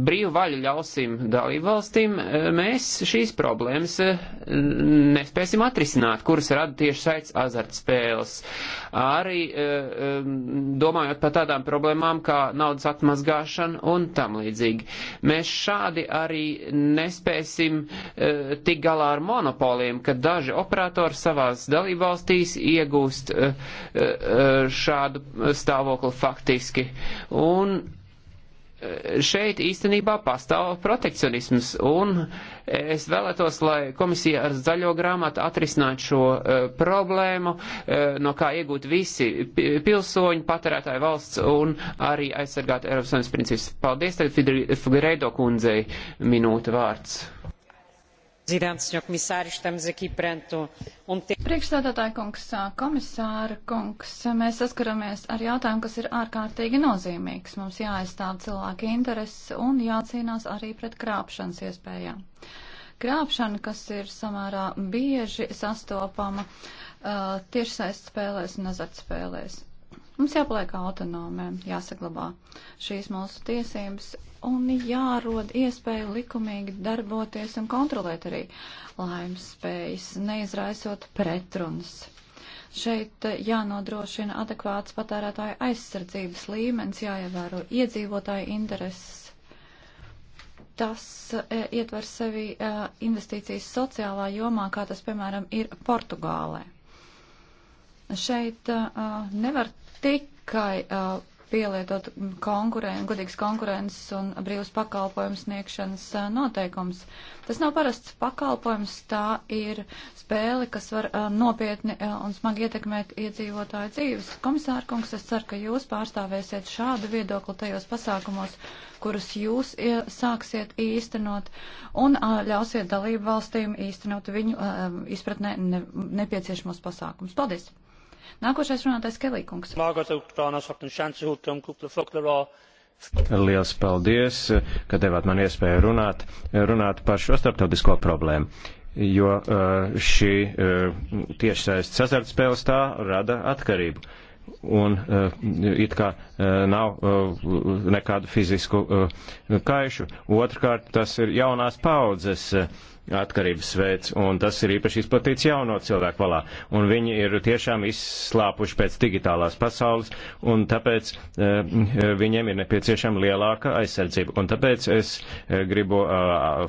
brīvu vaļu ļausim dalību valstīm, uh, mēs šīs problēmas uh, nespēsim atrisināt, kuras rada tieši saits azartspēles. Arī uh, domājot par tādām problēmām kā naudas atmazgāšana un tam līdzīgi. Mēs šādi arī nespēsim uh, tik galā ar monopoliem, ka daži operatori savās dalībvalstīs iegūst uh, uh, šādu stāvokli faktu faktiski. Un eh, šeit īstenībā pastāv protekcionisms, un es vēlētos, lai komisija ar zaļo grāmatu atrisinātu šo uh, problēmu, uh, no kā iegūt visi pilsoņi, patērētāji valsts un arī aizsargāt Eiropas Savienības principus. Paldies, tagad Figreido kundzei minūte vārds. Um Priekšstādātāja kungs, komisāra kungs, mēs saskaramies ar jautājumu, kas ir ārkārtīgi nozīmīgs. Mums jāaizstāv cilvēki intereses un jācīnās arī pret krāpšanas iespējām. Krāpšana, kas ir samērā bieži sastopama uh, tiešsaist spēlēs un azartspēlēs. Mums jāpaliek autonomiem, jāsaglabā šīs mūsu tiesības un jārod iespēja likumīgi darboties un kontrolēt arī laimes spējas, neizraisot pretrunas. Šeit eh, jānodrošina adekvāts patērētāju aizsardzības līmenis, jāievēro iedzīvotāju intereses. Tas e, ietver sevi e, investīcijas sociālā jomā, kā tas, piemēram, ir Portugālē. Šeit uh, nevar tikai uh, pielietot konkuren, godīgas konkurences un brīvas pakalpojums sniegšanas uh, noteikums. Tas nav parasts pakalpojums, tā ir spēle, kas var uh, nopietni uh, un smagi ietekmēt iedzīvotāju dzīves. Komisārkungs, es ceru, ka jūs pārstāvēsiet šādu viedokli tajos pasākumos, kurus jūs uh, sāksiet īstenot un uh, ļausiet dalību valstīm īstenot viņu uh, izpratnē ne, nepieciešamos pasākumus. Paldies! Nākošais runātais Kelīkungs. Liels paldies, ka devāt man iespēju runāt, runāt par šo starptautisko problēmu jo eh, šī eh, tiešsaistes azartspēles tā rada atkarību un uh, it kā uh, nav uh, nekādu fizisku uh, kaišu. Otrkārt, tas ir jaunās paudzes uh, atkarības veids, un tas ir īpaši izplatīts jauno cilvēku valā. Un viņi ir tiešām izslāpuši pēc digitālās pasaules, un tāpēc e, viņiem ir nepieciešama lielāka aizsardzība. Un tāpēc es e, gribu e,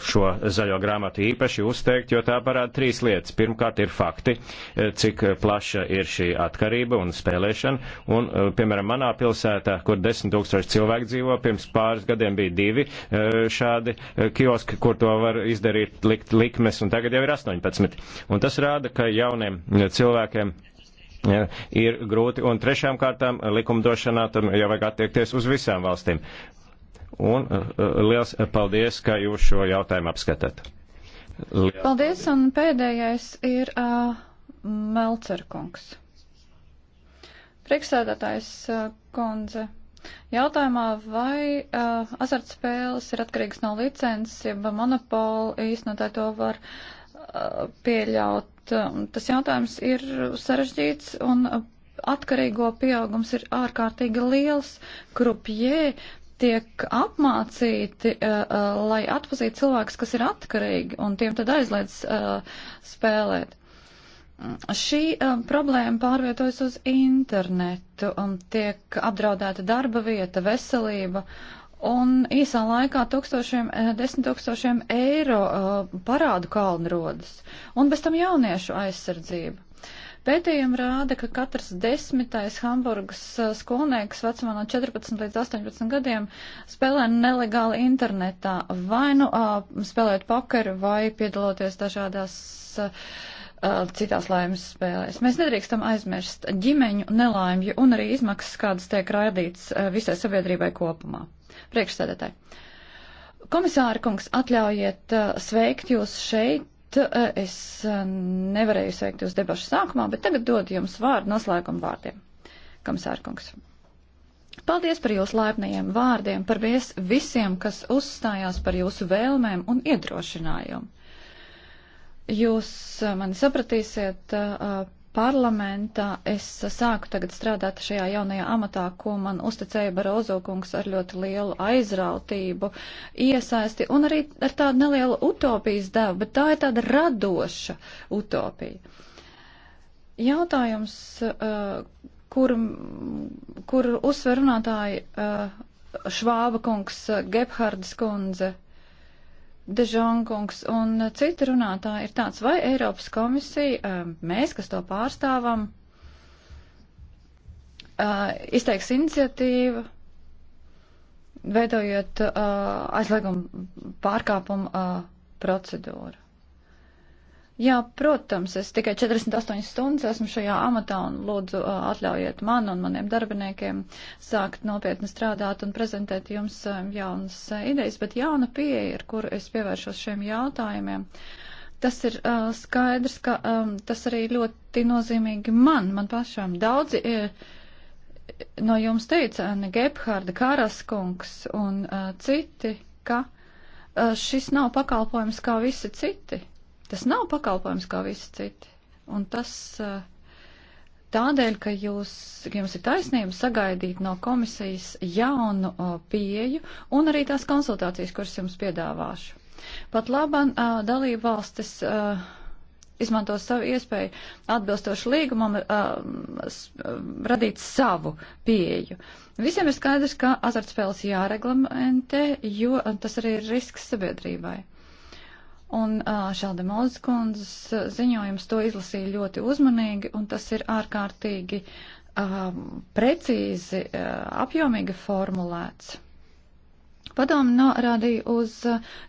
šo zaļo grāmatu īpaši uzteikt, jo tā parāda trīs lietas. Pirmkārt ir fakti, e, cik plaša ir šī atkarība un spēlēšana, un, e, piemēram, manā pilsētā, kur desmit tūkstoši cilvēku dzīvo, pirms pāris gadiem bija divi e, šādi e, kioski, kur to var izdarīt. Likt likt likmes, un tagad jau ir 18. Un tas rāda, ka jauniem cilvēkiem ja, ir grūti, un trešām kārtām likumdošanā tam jau vajag attiekties uz visām valstīm. Un uh, uh, liels paldies, ka jūs šo jautājumu apskatāt. Liels. Paldies, un pēdējais ir uh, Melcerkungs. Priekšsēdētājs uh, Konze. Jautājumā, vai uh, azartspēles ir atkarīgas no licences, ja monopola īstenotāji to var uh, pieļaut, um, tas jautājums ir sarežģīts un uh, atkarīgo pieaugums ir ārkārtīgi liels. Krupjē tiek apmācīti, uh, uh, lai atpazītu cilvēkus, kas ir atkarīgi, un tiem tad aizliedz uh, spēlēt. Šī um, problēma pārvietojas uz internetu, um, tiek apdraudēta darba vieta, veselība, un īsā laikā tūkstošiem, eh, desmit tūkstošiem eiro uh, parādu kalnu rodas, un bez tam jauniešu aizsardzība. Pētījumi rāda, ka katrs desmitais Hamburgas uh, skolnieks vecumā no 14 līdz 18 gadiem spēlē nelegāli internetā, vai nu uh, spēlēt pokeru, vai piedaloties dažādās uh, Uh, citās laimes spēlēs. Mēs nedrīkstam aizmirst ģimeņu nelaimju un arī izmaksas, kādas tiek raidīts uh, visai sabiedrībai kopumā. Priekšsēdētāji. Komisāra kungs, atļaujiet uh, sveikt jūs šeit. Es nevarēju sveikt jūs debašu sākumā, bet tagad dodu jums vārdu noslēguma vārdiem. Komisāra kungs. Paldies par jūsu laipnajiem vārdiem, par vies visiem, kas uzstājās par jūsu vēlmēm un iedrošinājumu. Jūs mani sapratīsiet, parlamentā es sāku tagad strādāt šajā jaunajā amatā, ko man uzticēja Barozo kungs ar ļoti lielu aizrautību, iesaisti un arī ar tādu nelielu utopijas devu, bet tā ir tāda radoša utopija. Jautājums, kur, kur uzsver runātāji Švāba kungs, Gebhardas kundze, Dežonkungs un citi runātāji ir tāds, vai Eiropas komisija, eh, mēs, kas to pārstāvam, eh, izteiks iniciatīvu, veidojot eh, aizliegumu pārkāpumu procedūru. Jā, protams, es tikai 48 stundas esmu šajā amatā un lūdzu uh, atļaujiet man un maniem darbiniekiem sākt nopietni strādāt un prezentēt jums uh, jaunas uh, idejas, bet jauna pieeja, ar kuru es pievēršos šiem jautājumiem, tas ir uh, skaidrs, ka um, tas arī ļoti nozīmīgi man, man pašām. Daudzi uh, no jums teica, Anna Gebhārda, Karaskungs un uh, citi, ka uh, šis nav pakalpojums kā visi citi Tas nav pakalpojums kā visi citi. Un tas eh, tādēļ, ka jūs, jums ir taisnība sagaidīt no komisijas jaunu pieju un arī tās konsultācijas, kuras jums piedāvāšu. Pat labam dalību valstis izmanto savu iespēju atbilstoši līgumam uh, radīt savu pieeju. Visiem ir skaidrs, ka azartspēles jāreglamentē, jo tas arī ir risks sabiedrībai. Un šāda Mozeskundzes ziņojums to izlasīja ļoti uzmanīgi, un tas ir ārkārtīgi um, precīzi, apjomīgi formulēts. Padomu norādīja uz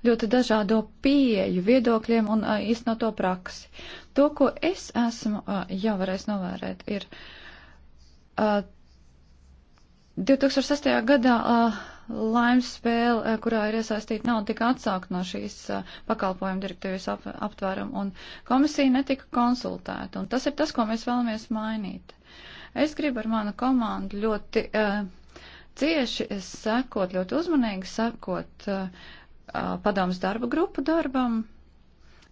ļoti dažādo pieeju viedokļiem un īstenoto praksi. To, ko es esmu jau varējis novērēt, ir 2006. gadā laimes spēle, eh, kurā ir iesaistīta nauda, tika atsaukt no šīs eh, pakalpojuma direktīvas ap, aptvērumu, un komisija netika konsultēta. Un tas ir tas, ko mēs vēlamies mainīt. Es gribu ar manu komandu ļoti uh, cieši sekot, ļoti uzmanīgi sekot uh, padomus darba grupu darbam.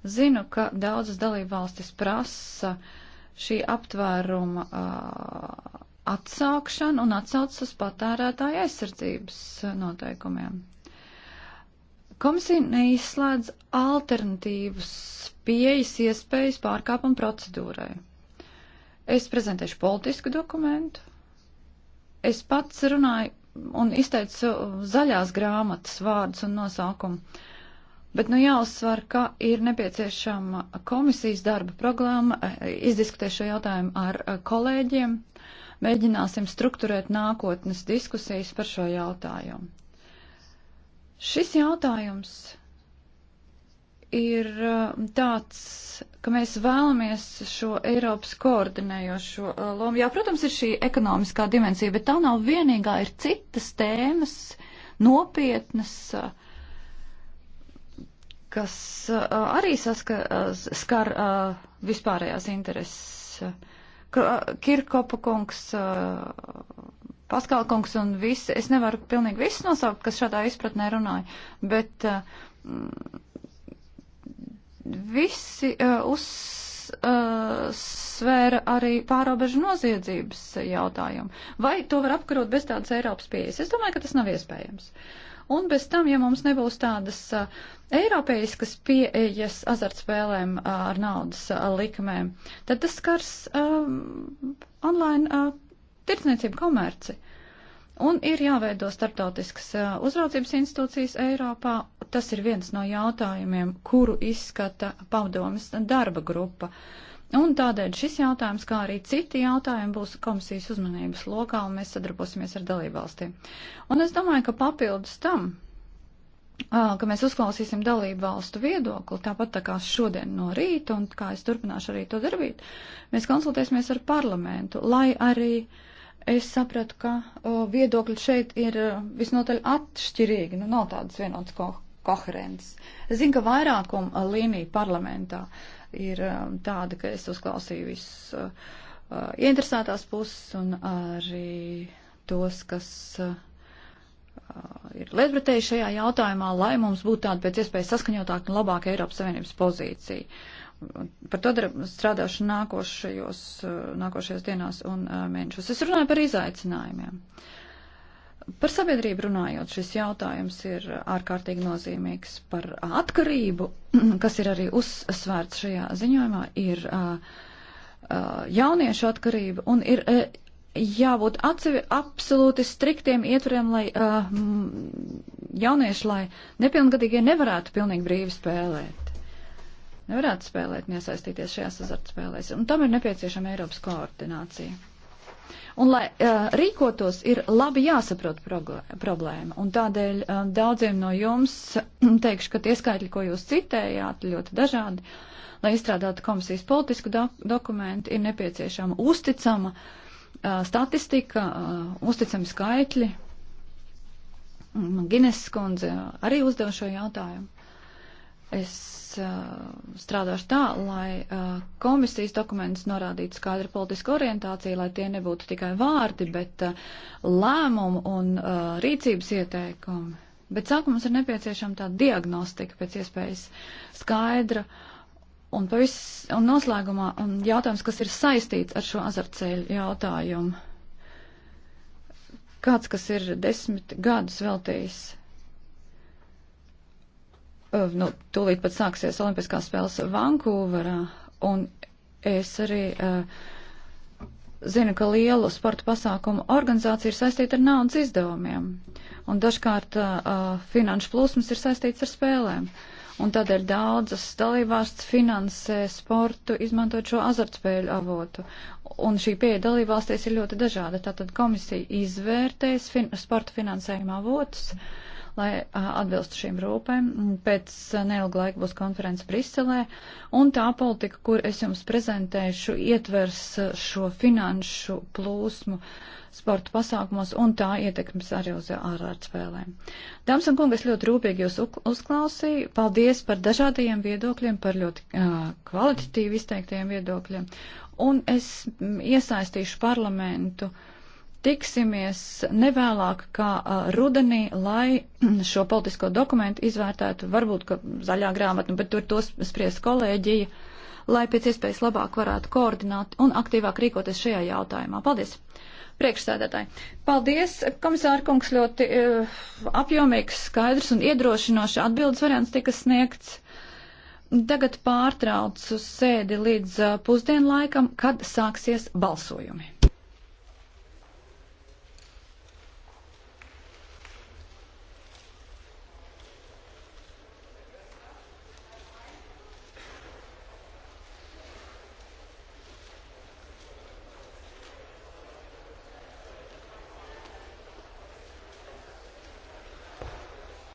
Zinu, ka daudzas dalībvalstis prasa šī aptvēruma. Uh, atsākšanu un atsaucas uz patērētāju aizsardzības noteikumiem. Komisija neizslēdz alternatīvas pieejas iespējas pārkāpuma procedūrai. Es prezentēšu politisku dokumentu. Es pats runāju un izteicu zaļās grāmatas vārdus un nosaukumu. Bet nu jāuzsver, ka ir nepieciešama komisijas darba programma, eh, izdiskutē šo jautājumu ar eh, kolēģiem. Uh, mēģināsim strukturēt nākotnes diskusijas par šo jautājumu. Šis jautājums ir um, tāds, ka mēs vēlamies šo Eiropas koordinējošo uh, lomu. Jā, protams, ir šī ekonomiskā dimensija, bet tā nav vienīgā, ir citas tēmas, nopietnas, uh, kas uh, arī saskar, skar vispārējās intereses. Kirkopa kungs, eh, Paskala kungs un visi, es nevaru pilnīgi visus nosaukt, kas šādā izpratnē runāja, bet eh, visi eh, uzsvēra arī pārobežu noziedzības jautājumu. Vai to var apkarot bez tādas Eiropas pieejas? Es domāju, ka tas nav iespējams. Uh, Un bez tam, ja mums nebūs tādas eiropeiskas pieejas azartspēlēm ar naudas likmēm, tad tas skars um, online uh, tirdzniecību komerci. Un ir jāveido starptautiskas uh, uzraudzības institūcijas Eiropā. Tas ir viens no jautājumiem, kuru izskata pavdomas darba grupa. Uh, Un tādēļ šis jautājums, kā arī citi jautājumi, būs komisijas uzmanības lokā, un mēs sadarbosimies ar dalībvalstīm. Un es domāju, ka papildus tam, ka mēs uzklausīsim dalību valstu viedokli, tāpat tā kā šodien no rīta, un kā es turpināšu arī to darbīt, mēs konsultēsimies ar parlamentu, lai arī es sapratu, ka viedokļi šeit ir visnotaļ atšķirīgi, nu nav tādas vienotas ko koherences. Es zinu, ka vairākuma līnija parlamentā. Uh, ir um, tāda, ka es uzklausīju visus uh, uh, interesētās puses un arī tos, kas uh, uh, ir lietpratēji šajā jautājumā, lai mums būtu tāda pēc iespējas saskaņotāka un labāka Eiropas Savienības pozīcija. Par to strādāšu nākošajos, uh, nākošajās dienās un mēnešos. Es runāju par izaicinājumiem. Uh, Par sabiedrību runājot, šis jautājums ir ārkārtīgi nozīmīgs par atkarību, kas ir arī uzsvērts šajā ziņojumā, ir uh, uh, jauniešu atkarība un ir uh, jābūt atsevi absolūti striktiem ietvariem, lai uh, jaunieši, lai nepilngadīgie nevarētu pilnīgi brīvi spēlēt. Nevarētu spēlēt, nesaistīties šajās azartspēlēs. Un tam ir nepieciešama Eiropas koordinācija. Un, lai uh, rīkotos, ir labi jāsaprot problēma. Un tādēļ uh, daudziem no jums teikšu, ka tie skaitļi, ko jūs citējāt, ļoti dažādi. Lai izstrādātu komisijas politisku do dokumentu, ir nepieciešama uzticama uh, statistika, uh, uzticami skaitļi. Man Gines skundze arī uzdeva šo jautājumu. Es uh, strādāšu tā, lai uh, komisijas dokumentus norādītu skaidru politisku orientāciju, lai tie nebūtu tikai vārdi, bet uh, lēmumu un uh, rīcības ieteikumi. Bet sākumā mums ir nepieciešama tā diagnostika pēc iespējas skaidra un, pavis, un noslēgumā un jautājums, kas ir saistīts ar šo azartceļu jautājumu. Kāds, kas ir desmit gadus veltījis Uh, nu, tūlīt pat sāksies Olimpiskās spēles Vankūverā, un es arī uh, zinu, ka lielu sporta pasākumu organizācija ir saistīta ar naudas izdevumiem, un dažkārt uh, uh finanšu plūsmas ir saistīts ar spēlēm, un tādēļ daudzas dalībvalsts finansē sportu, izmantojot šo azartspēļu avotu, un šī pieeja dalībvalstīs ir ļoti dažāda, tātad komisija izvērtēs fin sporta finansējuma avotus. Mm lai atbilstu šīm rūpēm. Pēc neilga laika būs konference Briselē, un tā politika, kur es jums prezentēšu, ietvers šo finanšu plūsmu sporta pasākumos, un tā ietekmes arī uz ārārtspēlēm. Dāmas un kungi, es ļoti rūpīgi jūs uzklausīju. Paldies par dažādajiem viedokļiem, par ļoti uh, kvalitatīvi izteiktajiem viedokļiem, un es iesaistīšu parlamentu. Uh, tiksimies nevēlāk kā rudenī, lai šo politisko dokumentu izvērtētu, varbūt, ka zaļā grāmata, bet tur tos spries kolēģija, lai pēc iespējas labāk varētu koordināt un aktīvāk rīkoties šajā jautājumā. Paldies! Priekšsēdētāji, paldies, komisāra kungs, ļoti uh, apjomīgs, skaidrs un iedrošinošs atbildes variants tika sniegts. Tagad pārtraucu sēdi līdz uh, pusdienlaikam, kad sāksies balsojumi.